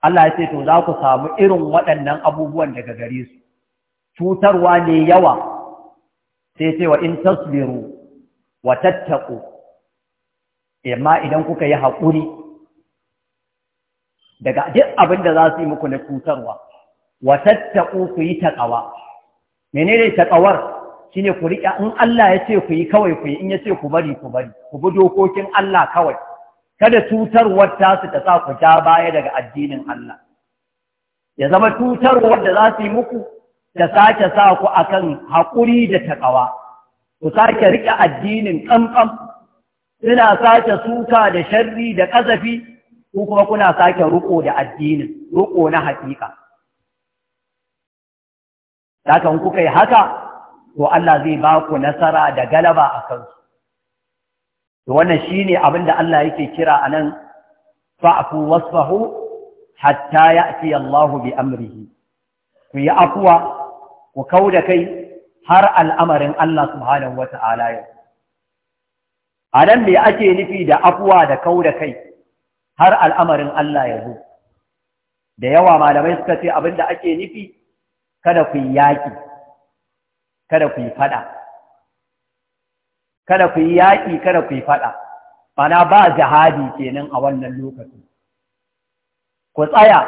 Allah ya ce to za ku samu irin waɗannan abubuwan daga gare su cutarwa ne yawa sai ce in tasbiru wa tattaku amma idan kuka yi haƙuri daga duk abin da za su yi muku na cutarwa wa tattaku ku yi taƙawa menene taƙawar shine ku riƙa in Allah ya ce ku yi kawai ku yi in ya ce ku bari ku bari ku bi dokokin Allah kawai kada cutarwar tasu ta sa ku ja baya daga addinin Allah ya zama cutarwar da za su yi muku ta sake sa ku akan haƙuri da taƙawa ku sake riƙe addinin ƙamƙam suna sake suka da sharri da ƙazafi ku kuma kuna sake riƙo da addinin riƙo na haƙiƙa Sakan kuka yi haka, to Allah zai ba ku nasara da galaba a kansu. wannan shine abin da Allah yake kira anan fa'fu wasfahu hatta ya'ti Allahu bi amrihi ku yi afuwa ku kauda kai har al'amarin Allah subhanahu anan me ake nufi da afwa da kauda kai har al'amarin Allah ya zo da yawa malamai suka ce abin da ake nufi kada ku yi yaƙi kada ku yi kada ku yi yaƙi kada ku yi faɗa mana ba jihadi kenan a wannan lokaci ku tsaya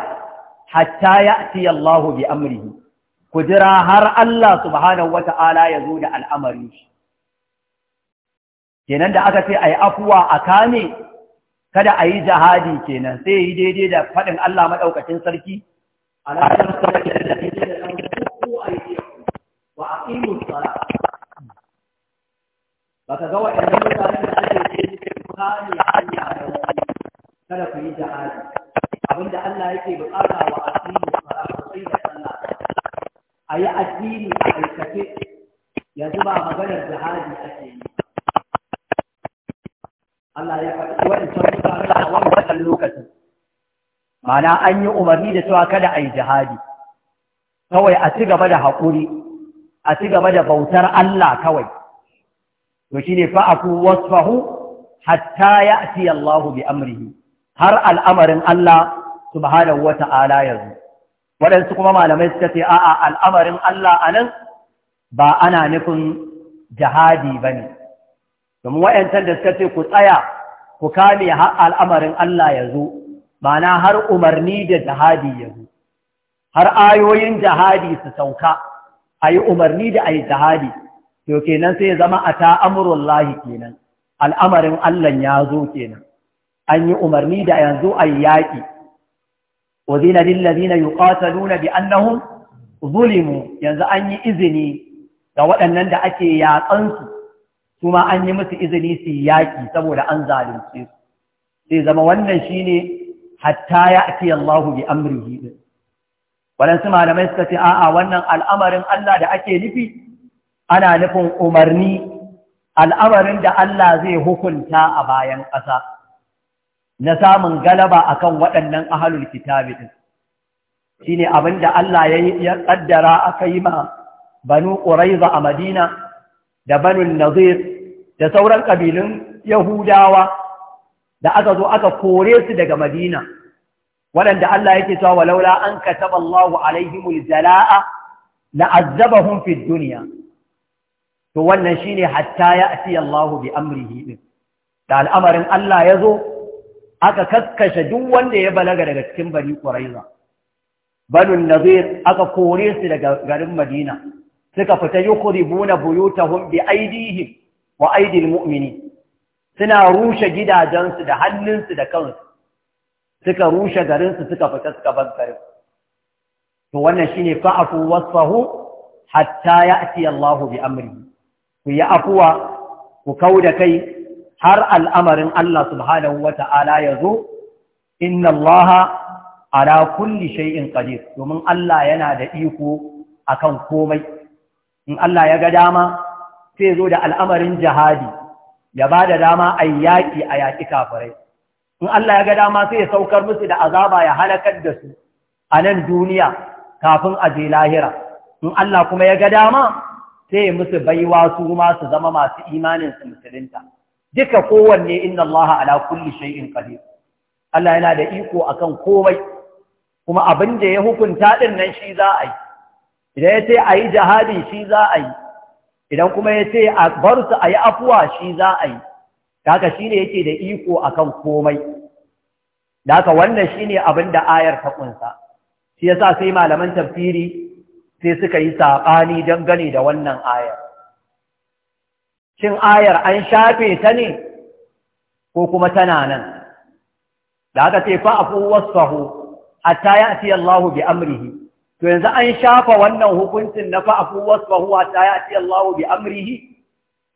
hatta ya'ti Allahu bi amrihi ku jira har Allah subhanahu wata'ala ya zo da al'amari shi kenan da aka ce ayi afuwa a kame kada ayi jihadi kenan sai yi daidai da faɗin Allah madaukakin sarki ala tarsalati da da ku ayi wa aqimus salat ba ka ga waɗannan mutane da ake ce suke kare hanya da wani kada ku yi jihadi abinda Allah yake bukata wa addini fara sai da Allah a yi addini a aikace yanzu ba maganar jihadi ake yi Allah ya faɗi waɗancan mutane a wannan lokacin ma'ana an yi umarni da cewa kada a yi jihadi kawai a ci gaba da haƙuri a ci gaba da bautar Allah kawai to shine fa'afu wasfahu hatta ya'ti Allahu bi amrihi har al'amarin Allah subhanahu wata'ala yanzu waɗansu kuma malamai suka ce a'a al'amarin Allah anan ba ana nufin jihadi bane domin wayancan da suka ce ku tsaya ku kame har al'amarin Allah yazo ma'ana har umarni da jihadi yazo har ayoyin jihadi su sauka ayi umarni da ayi jihadi to kenan sai zama a ta'amurun kenan al'amarin Allah ya zo kenan an yi umarni da yanzu a yaƙi wazina lillazina yuqataluna bi annahum zulimu yanzu an yi izini ga waɗannan da ake yaƙansu su ma an yi musu izini su yaƙi saboda an zalunce su sai zama wannan shine hatta ya'ti Allahu bi amrihi waɗansu malamai suka ce a'a wannan al'amarin Allah da ake nufi ana nufin umarni al'amarin da Allah zai hukunta a bayan ƙasa na samun galaba a kan waɗannan ahalul kitabi din shine abin da Allah ya ƙaddara aka yi ma banu ƙuraiza a Madina da banu Nazir da sauran ƙabilun Yahudawa da aka zo aka kore su daga Madina waɗanda Allah yake cewa walaula an kataba Allahu alaihimul jala'a la'azzabahum fid duniya. to wannan shine hatta ya ati Allahu bi amrihi din da al'amarin Allah ya zo aka kaskashe duk wanda ya balaga daga cikin bani Quraiza banu Nazir aka kore su daga garin Madina suka fita yukhribuna buyutahum bi aydihim wa aydil mu'minin suna rushe gidajensu da hannunsu da kansu suka rushe garinsu suka fita suka bar garin to wannan shine fa'afu wasfahu hatta ya'ti Allahu bi amrihi ku yi afuwa ku kau da kai har al'amarin Allah subhanahu wa ta'ala ya zo inna Allah ala kulli shay'in qadir domin Allah yana da iko akan komai in Allah ya ga dama sai zo da al'amarin jihadi ya ba da dama a yaƙi a yaƙi kafirai in Allah ya ga dama sai ya saukar musu da azaba ya halakar da su a nan duniya kafin a je lahira in Allah kuma ya ga dama sai musu baiwa su ma su zama masu imanin su musulunta duka kowanne inna Allah ala kulli shay'in qadir Allah yana da iko akan komai kuma abin da ya hukunta din nan shi za a yi idan ya ce a yi jihadi shi za a yi idan kuma ya ce a bar su a yi afuwa shi za a yi haka shi yake da iko akan komai da wannan shine abin da ayar ta kunsa shi yasa sai malaman tafsiri sai suka yi saɓani don dangane da wannan ayar. Shin ayar an shafe ta ne ko kuma tana nan, da aka ce fa'afu wasu a ta yi ati Allah bi amrihi, to yanzu an shafa wannan hukuncin na fa'afu wasu a ta yi ati Allah bi amrihi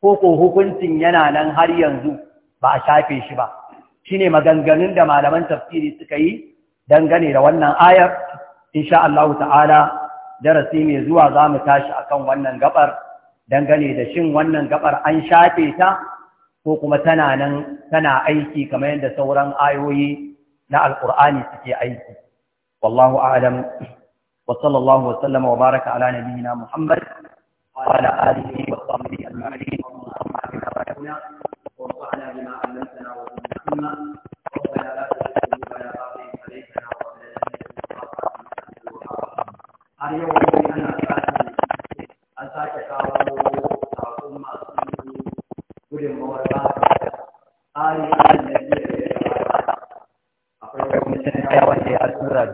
ko ko hukuncin yana nan har yanzu ba a shafe shi ba. Shi ne maganganun da malaman tafsiri suka yi dangane da wannan ayar, insha Allah ta'ala darasi mai zuwa za mu tashi a kan wannan gabar dangane da shin wannan gabar an shafe ta ko kuma tana nan tana aiki kamar yadda sauran ayoyi na alkur'ani suke aiki wallahu a'lam wa sallallahu wa sallama wa baraka ala nabiyyina muhammad wa ala alihi wa sahbihi ajma'in wa ala bima allamtana wa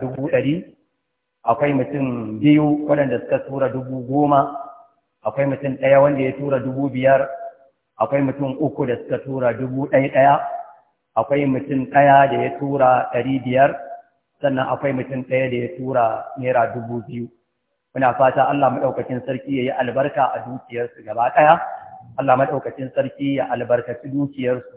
dubu ɗari akwai mutum biyu waɗanda suka tura dubu goma akwai mutum ɗaya wanda ya tura dubu biyar akwai mutum uku da suka tura dubu ɗaya ɗaya akwai mutum ɗaya da ya tura ɗari biyar sannan akwai mutum ɗaya da ya tura naira dubu biyu muna fata Allah maɗaukacin sarki ya yi albarka a dukiyarsu gaba ɗaya Allah maɗaukacin sarki ya albarkaci dukiyarsu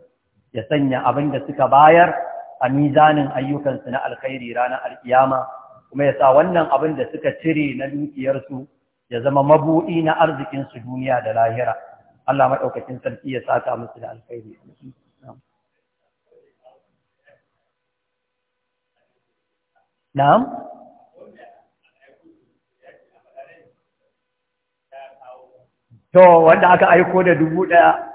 ya sanya abin da suka bayar a mizanin ayyukansu na alkhairi ranar alkiyama kuma ya sa wannan abin da suka cire na dukiyarsu ya zama mabuɗi na arzikinsu duniya da lahira Allah maɗaukacin sarki ya sata musu da alkhairi na'am to wanda aka aiko da dubu ɗaya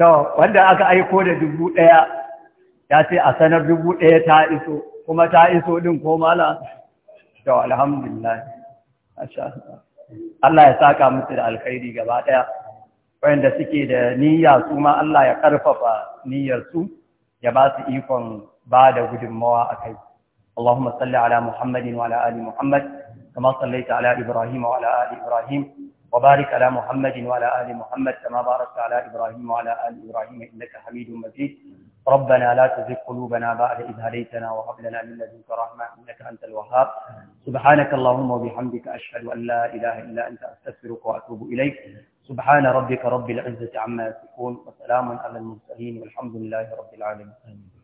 to wanda aka aiko da dubu ɗaya ya ce a sanar dubu ɗaya ta iso kuma ta iso ɗin ko mala to alhamdulillah Allah ya saka musu da alkhairi gaba ɗaya wanda suke da niyya su ma Allah ya ƙarfafa niyyarsu ya ba su ikon ba da gudunmawa a kai اللهم صل على محمد وعلى آل محمد كما صليت على إبراهيم وعلى آل إبراهيم وبارك على محمد وعلى آل محمد كما باركت على إبراهيم وعلى آل إبراهيم إنك حميد مجيد ربنا لا تزغ قلوبنا بعد إذ هديتنا وهب لنا من لدنك رحمة إنك أنت الوهاب سبحانك اللهم وبحمدك أشهد أن لا إله إلا أنت أستغفرك وأتوب إليك سبحان ربك رب العزة عما يصفون وسلام على المرسلين والحمد لله رب العالمين